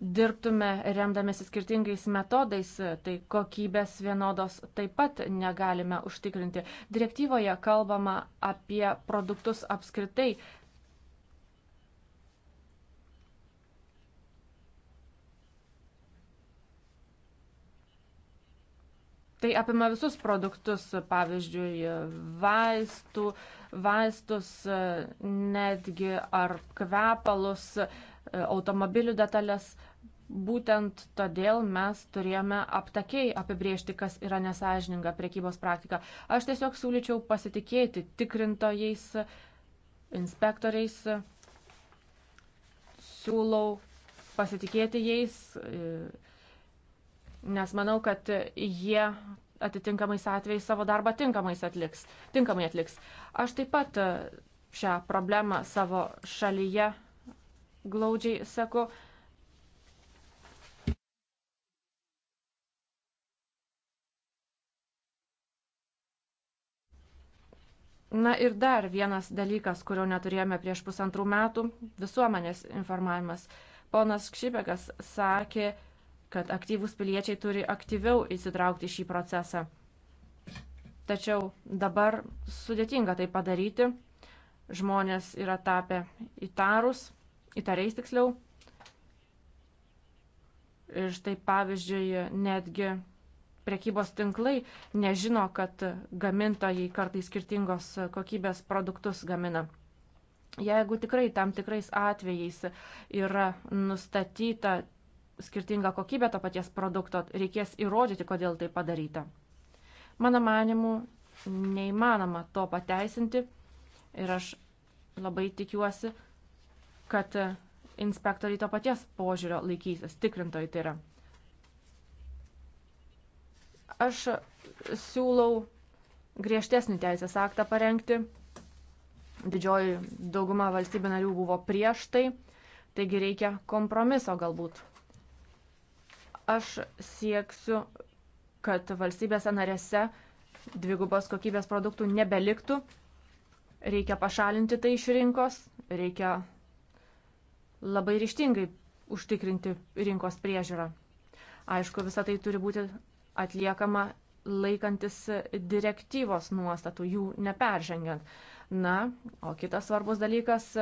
dirbtume remdamėsi skirtingais metodais, tai kokybės vienodos taip pat negalime užtikrinti. Direktyvoje kalbama apie produktus apskritai. Tai apima visus produktus, pavyzdžiui, vaistų, vaistus, netgi ar kvepalus, automobilių detalės, Būtent todėl mes turėjome aptakiai apibriežti, kas yra nesažininga priekybos praktika. Aš tiesiog siūlyčiau pasitikėti tikrintojais, inspektoriais, siūlau pasitikėti jais, nes manau, kad jie atitinkamais atvejais savo darbą tinkamais atliks, tinkamai atliks. Aš taip pat e, šią problemą savo šalyje glaudžiai sako, Na ir dar vienas dalykas, kurio neturėjome prieš pusantrų metų - visuomenės informavimas. Ponas Kšybekas sakė, kad aktyvūs piliečiai turi aktyviau įsitraukti šį procesą. Tačiau dabar sudėtinga tai padaryti. Žmonės yra tapę įtarus, įtariais tiksliau. Ir štai pavyzdžiui, netgi prekybos tinklai nežino, kad gamintojai kartai skirtingos kokybės produktus gamina. Jeigu tikrai tam tikrais atvejais yra nustatyta skirtinga kokybė to paties produkto, reikės įrodyti, kodėl tai padaryta. Mano manimu, neįmanoma to pateisinti ir aš labai tikiuosi, kad inspektoriai to paties požiūrio laikysis, tikrintojai tai yra. Aš siūlau griežtesnį teisės aktą parengti. Didžioji dauguma valstybių narių buvo prieš tai, taigi reikia kompromiso galbūt. Aš sieksiu, kad valstybėse narėse dvigubos kokybės produktų nebeliktų. Reikia pašalinti tai iš rinkos, reikia labai ryštingai užtikrinti rinkos priežiūrą. Aišku, visą tai turi būti atliekama laikantis direktyvos nuostatų, jų neperžengiant. Na, o kitas svarbus dalykas -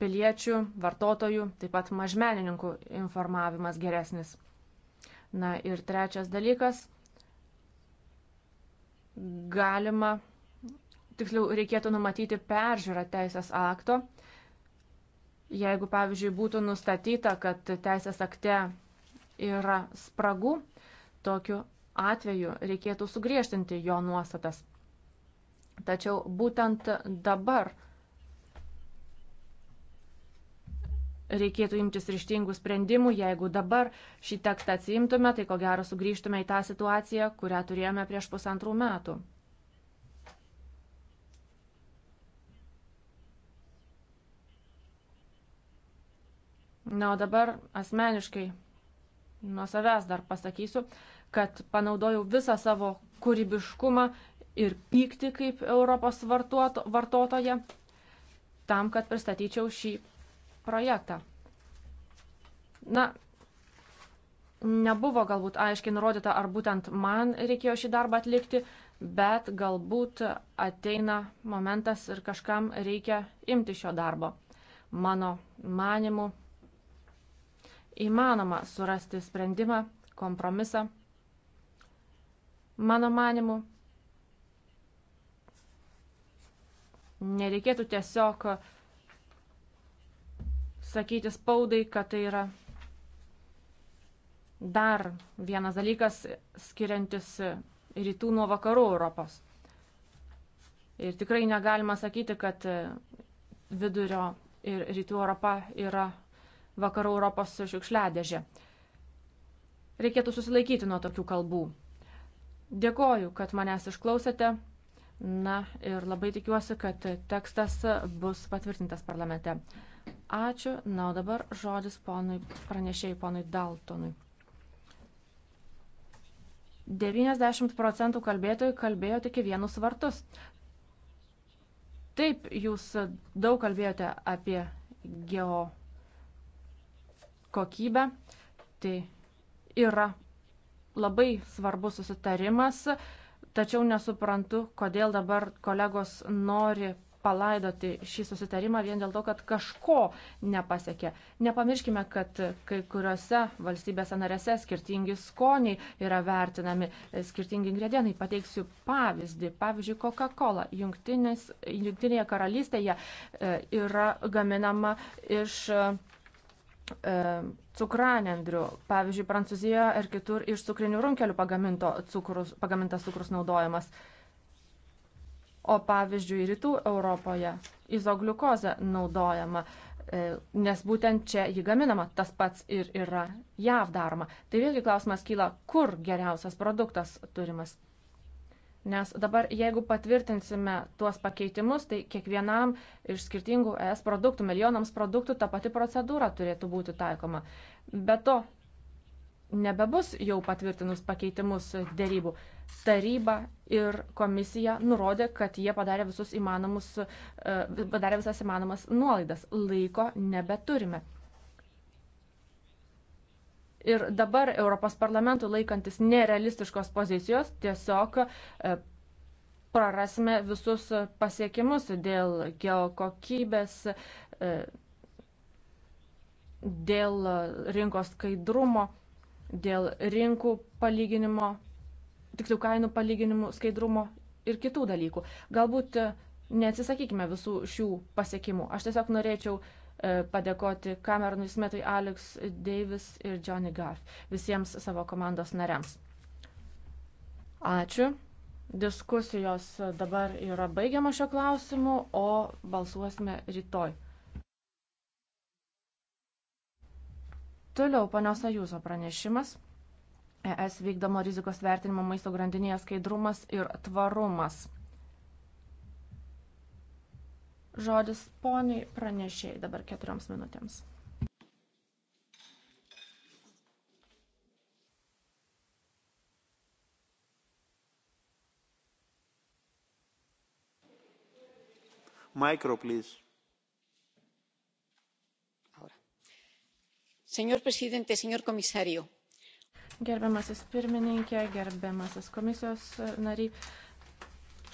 piliečių, vartotojų, taip pat mažmenininkų informavimas geresnis. Na ir trečias dalykas - galima, tiksliau, reikėtų numatyti peržiūrą teisės akto. Jeigu, pavyzdžiui, būtų nustatyta, kad teisės akte yra spragų, tokiu atveju reikėtų sugriežtinti jo nuostatas. Tačiau būtent dabar reikėtų imtis ryštingų sprendimų. Jeigu dabar šį tekstą atsiimtume, tai ko gero sugrįžtume į tą situaciją, kurią turėjome prieš pusantrų metų. Na, o dabar asmeniškai nuo savęs dar pasakysiu, kad panaudojau visą savo kūrybiškumą ir pykti kaip Europos vartotoja tam, kad pristatyčiau šį projektą. Na, nebuvo galbūt aiškiai nurodyta, ar būtent man reikėjo šį darbą atlikti, bet galbūt ateina momentas ir kažkam reikia imti šio darbo. Mano manimu, įmanoma surasti sprendimą, kompromisą. Mano manimu, nereikėtų tiesiog sakyti spaudai, kad tai yra dar vienas dalykas skiriantis rytų nuo vakarų Europos. Ir tikrai negalima sakyti, kad vidurio ir rytų Europa yra vakarų Europos šiukšliadežę. Reikėtų susilaikyti nuo tokių kalbų. Dėkoju, kad manęs išklausėte. Na ir labai tikiuosi, kad tekstas bus patvirtintas parlamente. Ačiū. Na, o dabar žodis ponui pranešėjai, ponui Daltonui. 90 procentų kalbėtojų kalbėjo tik į vienus vartus. Taip, jūs daug kalbėjote apie geopolitiką kokybę. Tai yra labai svarbus susitarimas, tačiau nesuprantu, kodėl dabar kolegos nori palaidoti šį susitarimą vien dėl to, kad kažko nepasiekė. Nepamirškime, kad kai kuriuose valstybėse narėse skirtingi skoniai yra vertinami, skirtingi ingredientai. Pateiksiu pavyzdį. Pavyzdžiui, Coca-Cola Jungtinėje karalystėje e, yra gaminama iš E, cukranendrių. Pavyzdžiui, Prancūzijoje ir kitur iš cukrinių runkelių cukrus, pagamintas cukrus naudojamas. O pavyzdžiui, rytų Europoje izogliukozė naudojama, e, nes būtent čia jį gaminama, tas pats ir yra JAV daroma. Tai vėlgi klausimas kyla, kur geriausias produktas turimas. Nes dabar, jeigu patvirtinsime tuos pakeitimus, tai kiekvienam iš skirtingų ES produktų, milijonams produktų, ta pati procedūra turėtų būti taikoma. Be to, nebebus jau patvirtinus pakeitimus dėrybų. Taryba ir komisija nurodė, kad jie padarė, visus įmanomus, e, padarė visas įmanomas nuolaidas. Laiko nebeturime. Ir dabar Europos parlamentų laikantis nerealistiškos pozicijos tiesiog e, prarasime visus pasiekimus dėl geokokybės, e, dėl rinkos skaidrumo, dėl rinkų palyginimo, tiksliau kainų palyginimų skaidrumo ir kitų dalykų. Galbūt e, neatsisakykime visų šių pasiekimų. Aš tiesiog norėčiau uh, E, padėkoti Cameronui Smetui, Alex Davis ir Johnny Gaff, visiems savo komandos nariams. Ačiū. Diskusijos dabar yra baigiama šio klausimu, o balsuosime rytoj. Toliau panios Ajūzo pranešimas. ES vykdomo rizikos vertinimo maisto grandinėje skaidrumas ir tvarumas. Žodis poniai pranešėjai dabar keturioms minutėms. Micro, please. Señor presidente, señor comisario. Gerbiamasis pirmininkė, gerbiamasis komisijos e, nariai.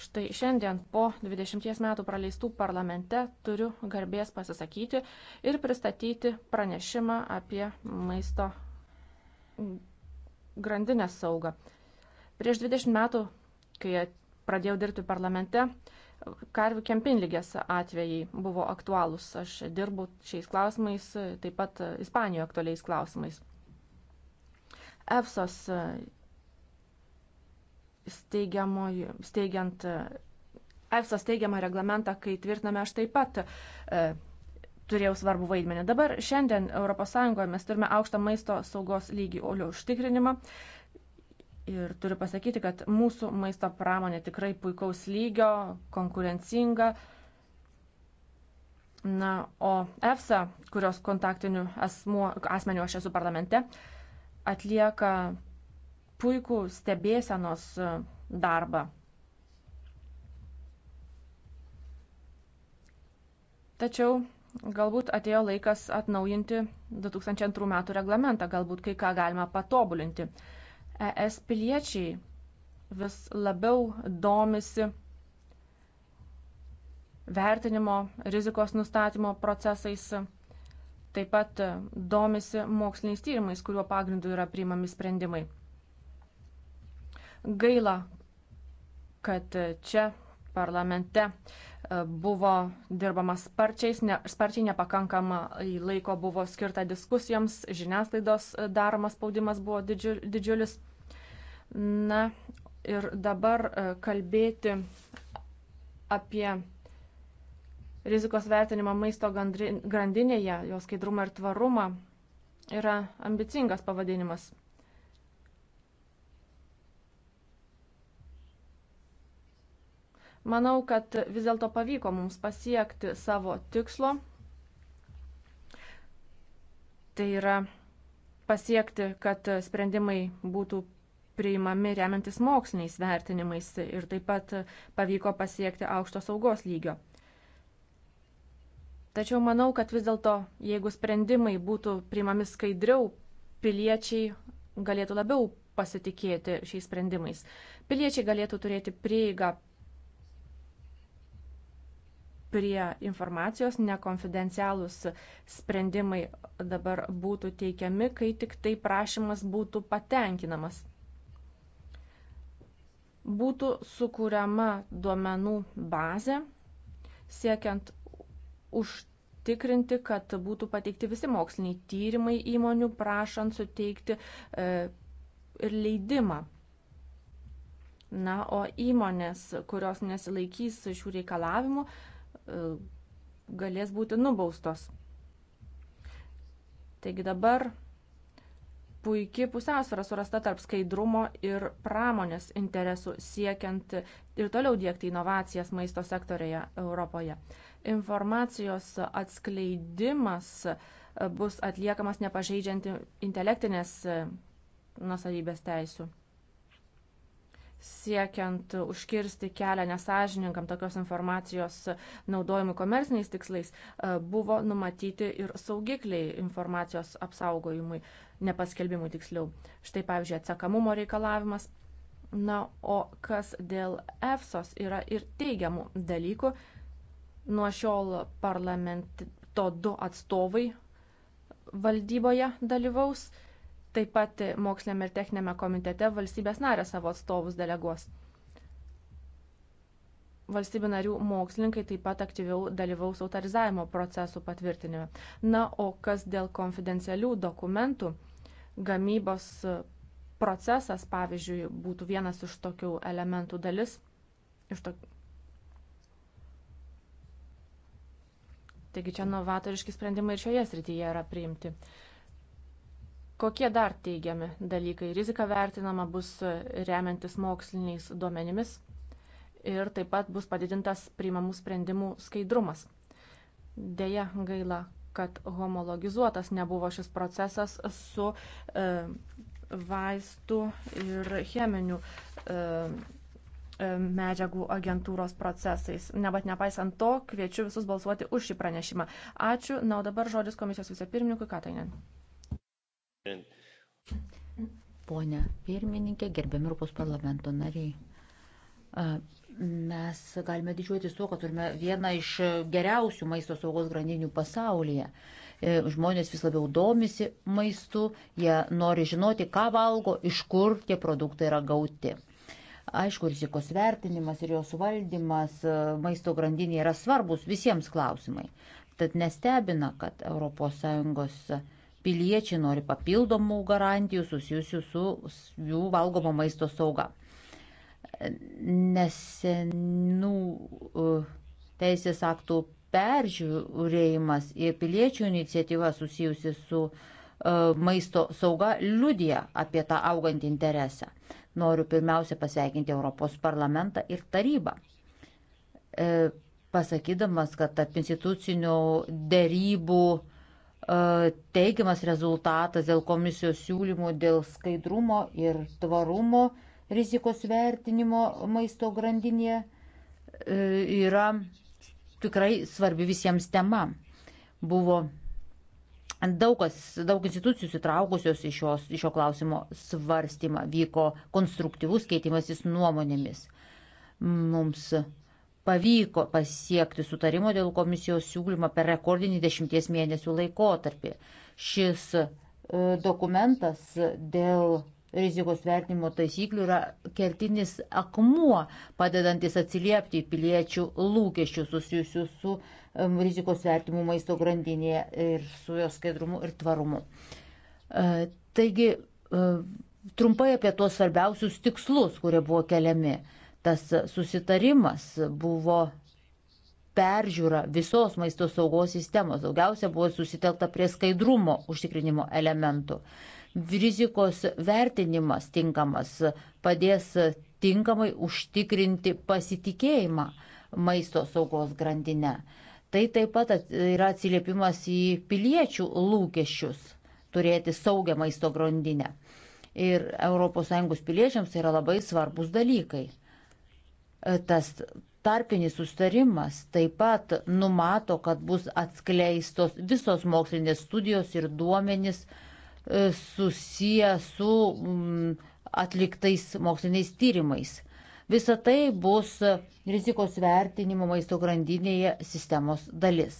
Štai šiandien po 20 metų praleistų parlamente turiu garbės pasisakyti ir pristatyti pranešimą apie maisto grandinės saugą. Prieš 20 metų, kai pradėjau dirbti parlamente, karvių kempinlygės atvejai buvo aktualūs. Aš dirbu šiais klausimais, taip pat Ispanijoje aktualiais klausimais. EFSOS steigiant e, EFSA steigiamą reglamentą, kai tvirtiname, aš taip pat e, turėjau svarbų vaidmenį. Dabar šiandien ES mes turime aukštą maisto saugos lygį, olio užtikrinimą. Ir turiu pasakyti, kad mūsų maisto pramonė tikrai puikaus lygio, konkurencinga. Na, o EFSA, kurios kontaktiniu asmuo, asmeniu aš esu parlamente, atlieka puikų stebėsenos e, darbą. Tačiau galbūt atėjo laikas atnaujinti 2002 metų reglamentą, galbūt kai ką galima patobulinti. ES piliečiai vis labiau domisi vertinimo, rizikos nustatymo procesais, taip pat domisi moksliniais tyrimais, kuriuo pagrindu yra priimami sprendimai. Gaila, kad čia parlamente e, buvo dirbama sparčiais, ne, sparčiai nepakankama laiko buvo skirta diskusijoms, žiniasklaidos e, daromas spaudimas buvo didžiul, didžiulis. Na ir dabar e, kalbėti apie rizikos vertinimą maisto grandinėje, jos skaidrumą ir tvarumą yra ambicingas pavadinimas. Manau, kad vis dėlto pavyko mums pasiekti savo tikslo. Tai yra pasiekti, kad sprendimai būtų priimami remiantis moksliniais vertinimais ir taip pat pavyko pasiekti aukšto saugos lygio. Tačiau manau, kad vis dėlto, jeigu sprendimai būtų priimami skaidriau, piliečiai galėtų labiau pasitikėti šiais sprendimais. Piliečiai galėtų turėti prieigą prie informacijos, nekonfidencialūs sprendimai dabar būtų teikiami, kai tik tai prašymas būtų patenkinamas. Būtų sukūriama duomenų bazė, siekiant užtikrinti, kad būtų pateikti visi moksliniai tyrimai įmonių, prašant suteikti e, ir leidimą Na, o įmonės, kurios nesilaikys šių reikalavimų, E, galės būti nubaustos. Taigi dabar puikiai pusiausvėra surasta tarp skaidrumo ir pramonės interesų siekiant ir toliau dėkti inovacijas maisto sektorėje Europoje. Informacijos atskleidimas e, bus atliekamas nepažeidžiant intelektinės e, nusavybės teisų siekiant užkirsti kelią nesažininkam tokios informacijos naudojimui komerciniais tikslais, e, buvo numatyti ir saugikliai informacijos apsaugojimui, nepaskelbimui tiksliau. Štai pavyzdžiui, atsakamumo reikalavimas. Na, o kas dėl EFSOS yra ir teigiamų dalykų. Nuo šiol parlamento du atstovai valdyboje dalyvaus Taip pat moksliniam ir techniniame komitete valstybės narė savo atstovus deleguos. Valstybių narių mokslininkai taip pat aktyviau dalyvaus autorizavimo procesų patvirtinime. Na, o kas dėl konfidencialių dokumentų, gamybos procesas, pavyzdžiui, būtų vienas iš tokių elementų dalis. Iš tok... Taigi čia novatoriški sprendimai ir šioje srityje yra priimti. Uh, Kokie dar teigiami dalykai? Rizika vertinama bus remiantis moksliniais duomenimis ir taip pat bus padidintas priimamų sprendimų skaidrumas. Deja, gaila, kad homologizuotas nebuvo šis procesas su e, vaistų ir cheminių e, e medžiagų agentūros procesais. Ne, bet nepaisant to, kviečiu visus balsuoti už šį pranešimą. Ačiū. Na, o dabar žodis komisijos vicepirmininkui Katainen. Pone pirmininkė, gerbiami Europos parlamento nariai. Mes galime didžiuotis tuo, kad turime vieną iš geriausių maisto saugos grandinių pasaulyje. E, žmonės vis labiau domisi maistu, jie nori žinoti, ką valgo, iš kur tie produktai yra gauti. Aišku, rizikos vertinimas ir jos valdymas e, maisto grandinėje yra svarbus visiems klausimai. Tad nestebina, kad ES Piliečiai nori papildomų garantijų susijusių su jų valgomo maisto sauga. Nesenų e, teisės aktų peržiūrėjimas ir piliečių iniciatyva susijusi su e, maisto sauga liudija apie tą augantį interesą. Noriu pirmiausia pasveikinti Europos parlamentą ir tarybą. E, pasakydamas, kad tarp institucinių dėrybų E, teigiamas rezultatas dėl komisijos siūlymų dėl skaidrumo ir tvarumo rizikos vertinimo maisto grandinėje e, yra tikrai svarbi visiems tema. Buvo daug, kas, daug institucijų sitraukusios iš, šios, iš šio klausimo svarstymą, vyko konstruktyvus keitimasis nuomonėmis. Mums pavyko pasiekti sutarimo dėl komisijos siūlymo per rekordinį dešimties mėnesių laikotarpį. Šis e, dokumentas dėl rizikos vertinimo taisyklių yra kertinis akmuo, padedantis atsiliepti į piliečių lūkesčių susijusių su rizikos vertinimu maisto grandinėje ir su jos skaidrumu ir tvarumu. E, taigi, e, trumpai apie tuos svarbiausius tikslus, kurie buvo keliami. Tas susitarimas buvo peržiūra visos maisto saugos sistemos. Daugiausia buvo susitelkta prie skaidrumo užtikrinimo elementų. Rizikos vertinimas tinkamas padės tinkamai užtikrinti pasitikėjimą maisto saugos grandinę. Tai taip pat yra atsiliepimas į piliečių lūkesčius turėti saugią maisto grandinę. Ir ES piliečiams tai yra labai svarbus dalykai. Tas tarpinis sustarimas taip pat numato, kad bus atskleistos visos mokslinės studijos ir duomenys e, susiję su mm, atliktais moksliniais tyrimais. Visa tai bus rizikos vertinimo maisto grandinėje sistemos dalis.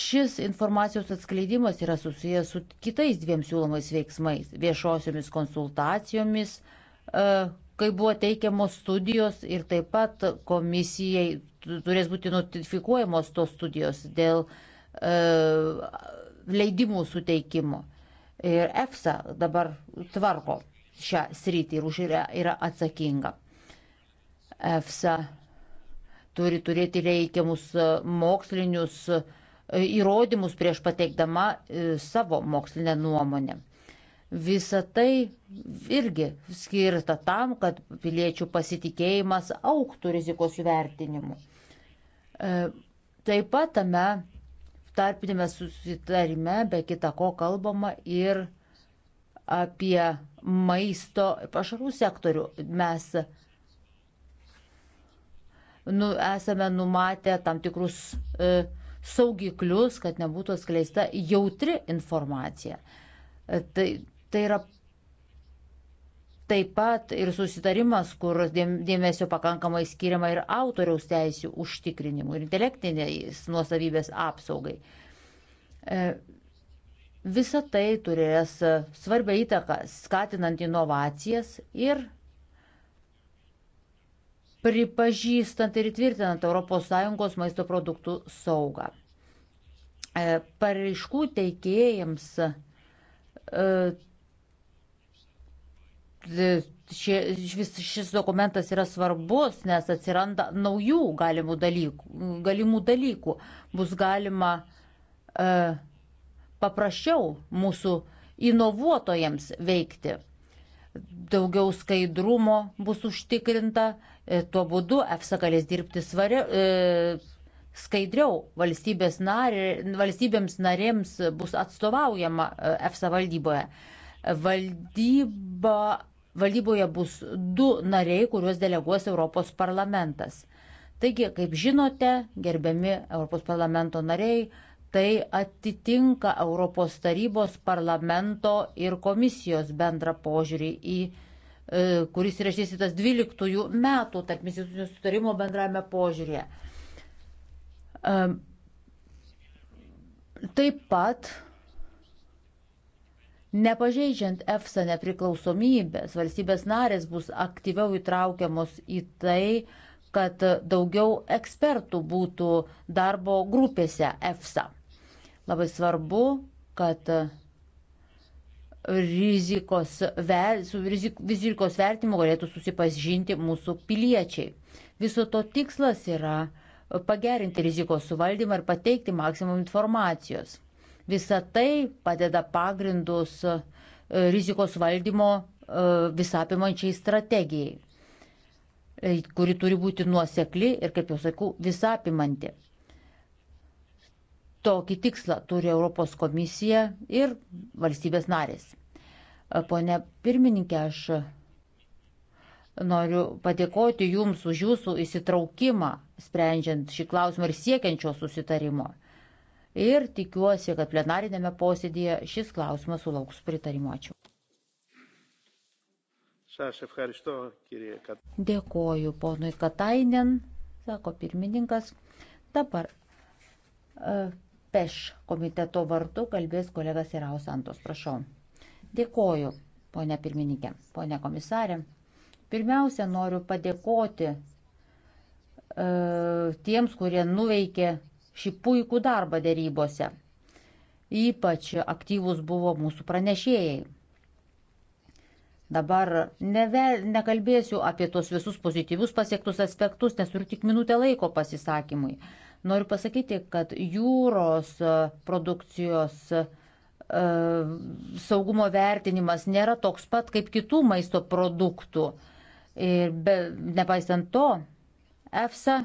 Šis informacijos atskleidimas yra susijęs su kitais dviem siūlomais veiksmais - viešosiomis konsultacijomis, e, kai buvo teikiamos studijos ir taip pat komisijai turės būti notifikuojamos tos studijos dėl e, leidimų suteikimo. Ir EFSA dabar tvarko šią sritį ir už ją yra, yra atsakinga. EFSA turi turėti reikiamus e, mokslinius e, įrodymus prieš pateikdama e, savo mokslinę nuomonę. Visa tai irgi skirta tam, kad piliečių pasitikėjimas auktų rizikos vertinimu. E, taip pat tame tarpinėme susitarime, be kita ko, kalbama ir apie maisto pašarų sektorių. Mes nu, esame numatę tam tikrus e, saugiklius, kad nebūtų atskleista jautri informacija. E, tai Tai yra taip pat ir susitarimas, kur dėmesio pakankamai skiriama ir autoriaus teisų užtikrinimui, ir intelektinės nuosavybės apsaugai. E, visa tai turės svarbę įtaką skatinant inovacijas ir pripažįstant ir tvirtinant ES maisto produktų saugą. E, Pareiškų teikėjams e, šie, šis, šis dokumentas yra svarbus, nes atsiranda naujų galimų dalykų. Galimų dalykų. Bus galima e, paprasčiau mūsų inovuotojams veikti. Daugiau skaidrumo bus užtikrinta, e, tuo būdu EFSA galės dirbti svaria, e, skaidriau, Valstybės narė, valstybėms narėms bus atstovaujama e, EFSA valdyboje. Valdyba Valdyboje bus du nariai, kuriuos deleguos Europos parlamentas. Taigi, kaip žinote, gerbiami Europos parlamento nariai, tai atitinka Europos tarybos parlamento ir komisijos bendrą požiūrį į e, kuris yra išdėstytas 12 metų tarp institucijų sutarimo bendrame požiūrėje. Taip pat Nepažeidžiant EFSA nepriklausomybės, valstybės narės bus aktyviau įtraukiamos į tai, kad daugiau ekspertų būtų darbo grupėse EFSA. Labai svarbu, kad rizikos, ver, su rizik, rizikos vertimu galėtų susipažinti mūsų piliečiai. Viso to tikslas yra pagerinti rizikos suvaldymą ir pateikti maksimum informacijos. Visa tai padeda pagrindus e, rizikos valdymo e, visapimančiai strategijai, e, kuri turi būti nuosekli ir, kaip jau sakau, visapimanti. Tokį tikslą turi Europos komisija ir valstybės narės. Pone pirmininkė, aš noriu padėkoti Jums už Jūsų įsitraukimą, sprendžiant šį klausimą ir siekiančio susitarimo ir tikiuosi, kad plenarinėme posėdėje šis klausimas sulauks pritarimo. Ačiū. Dėkoju ponui Katainen, sako pirmininkas. Dabar e, peš komiteto vardu kalbės kolegas Iraus Antos, prašau. Dėkoju, ponė pirmininkė, ponė komisarė. Pirmiausia, noriu padėkoti e, tiems, kurie nuveikė šį puikų darbą dėrybose. Ypač aktyvus buvo mūsų pranešėjai. Dabar nevel, nekalbėsiu apie tos visus pozityvius pasiektus aspektus, nes turiu tik minutę laiko pasisakymui. Noriu pasakyti, kad jūros produkcijos e, saugumo vertinimas nėra toks pat kaip kitų maisto produktų. Ir be, nepaisant to, EFSA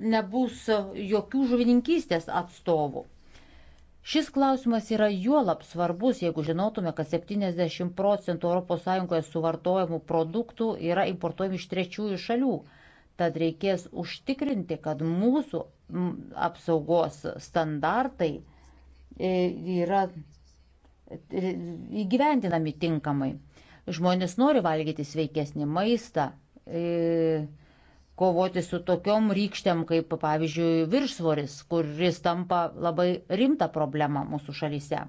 nebus jokių žuvininkystės atstovų. Šis klausimas yra juolap svarbus, jeigu žinotume, kad 70 procentų ES suvartojamų produktų yra importuojami iš trečiųjų šalių. Tad reikės užtikrinti, kad mūsų apsaugos standartai e, yra e, įgyvendinami tinkamai. Žmonės nori valgyti sveikesnį maistą. E, kovoti su tokiom rykštėm, kaip pavyzdžiui viršsvoris, kuris tampa labai rimta problema mūsų šalyse.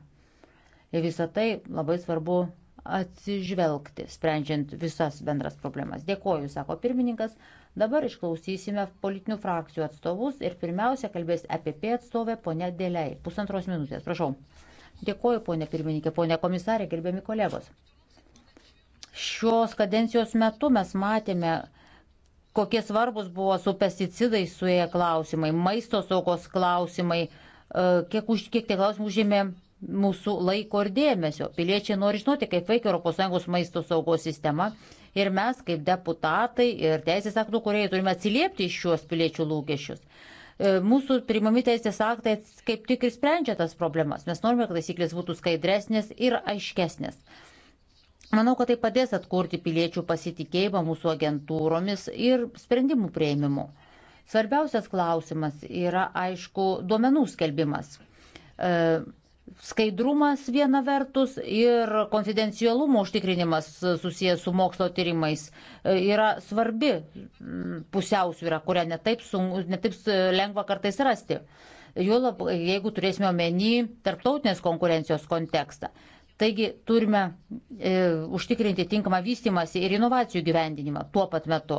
Ir visą tai labai svarbu atsižvelgti, sprendžiant visas bendras problemas. Dėkoju, sako pirmininkas. Dabar išklausysime politinių frakcijų atstovus ir pirmiausia kalbės EPP atstovė ponė Dėliai. Pusantros minutės, prašau. Dėkoju, ponė pirmininkė, ponė komisarė, gerbiami kolegos. Šios kadencijos metu mes matėme, kokie svarbus buvo su pesticidais suėję e klausimai, maisto saugos klausimai, e, kiek, už, kiek tie klausimai užėmė mūsų laiko ir dėmesio. Piliečiai nori žinoti, kaip veikia ES maisto saugos sistema ir mes kaip deputatai ir teisės aktų kuriai turime atsiliepti iš šios piliečių lūkesčius. E, mūsų primami teisės aktai kaip tik ir sprendžia tas problemas. Mes norime, kad taisyklės būtų skaidresnės ir aiškesnės. Manau, kad tai padės atkurti piliečių pasitikėjimą mūsų agentūromis ir sprendimų prieimimu. Svarbiausias klausimas yra, aišku, duomenų skelbimas. E, skaidrumas viena vertus ir konfidencialumo užtikrinimas susijęs su mokslo tyrimais e, yra svarbi pusiausvyrą, kurią netaip, sunku, netaip lengva kartais rasti. Juolab, jeigu turėsime omeny tarptautinės konkurencijos kontekstą. Taigi turime e, užtikrinti tinkamą vystimąsi ir inovacijų gyvendinimą tuo pat metu.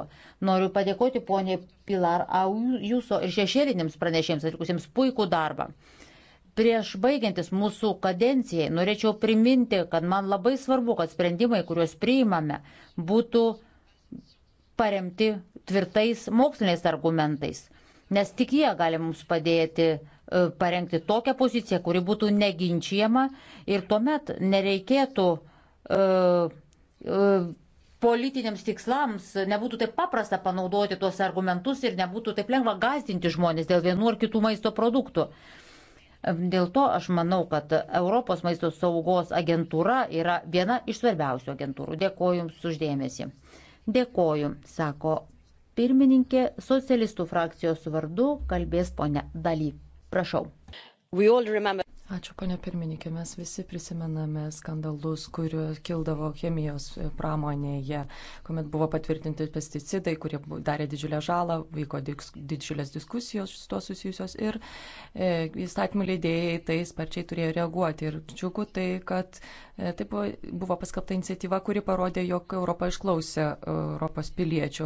Noriu padėkoti poniai Pilar Aujuso ir šešėlinėms pranešėjams atlikusiems puikų darbą. Prieš baigiantis mūsų kadencijai norėčiau priminti, kad man labai svarbu, kad sprendimai, kuriuos priimame, būtų paremti tvirtais moksliniais argumentais, nes tik jie gali mums padėti E, parengti tokią poziciją, kuri būtų neginčiama ir tuomet nereikėtų uh, uh, politiniams tikslams, nebūtų taip paprasta panaudoti tuos argumentus ir nebūtų taip lengva gazdinti žmonės dėl vienų ar kitų maisto produktų. Dėl to aš manau, kad Europos maisto saugos agentūra yra viena iš svarbiausių agentūrų. Dėkoju Jums uždėmesi. Dėkoju, sako pirmininkė, socialistų frakcijos vardu kalbės ponia Daly. Prašau. Ačiū, ponė pirmininkė. Mes visi prisimename skandalus, kurie kildavo chemijos pramonėje, kuomet buvo patvirtinti pesticidai, kurie darė didžiulę žalą, vyko didžiulės diskusijos su to susijusios ir e, įstatymų leidėjai tai sparčiai turėjo reaguoti. Ir džiugu tai, kad e, tai buvo, buvo paskapta iniciatyva, kuri parodė, jog Europa išklausė e, Europos piliečių.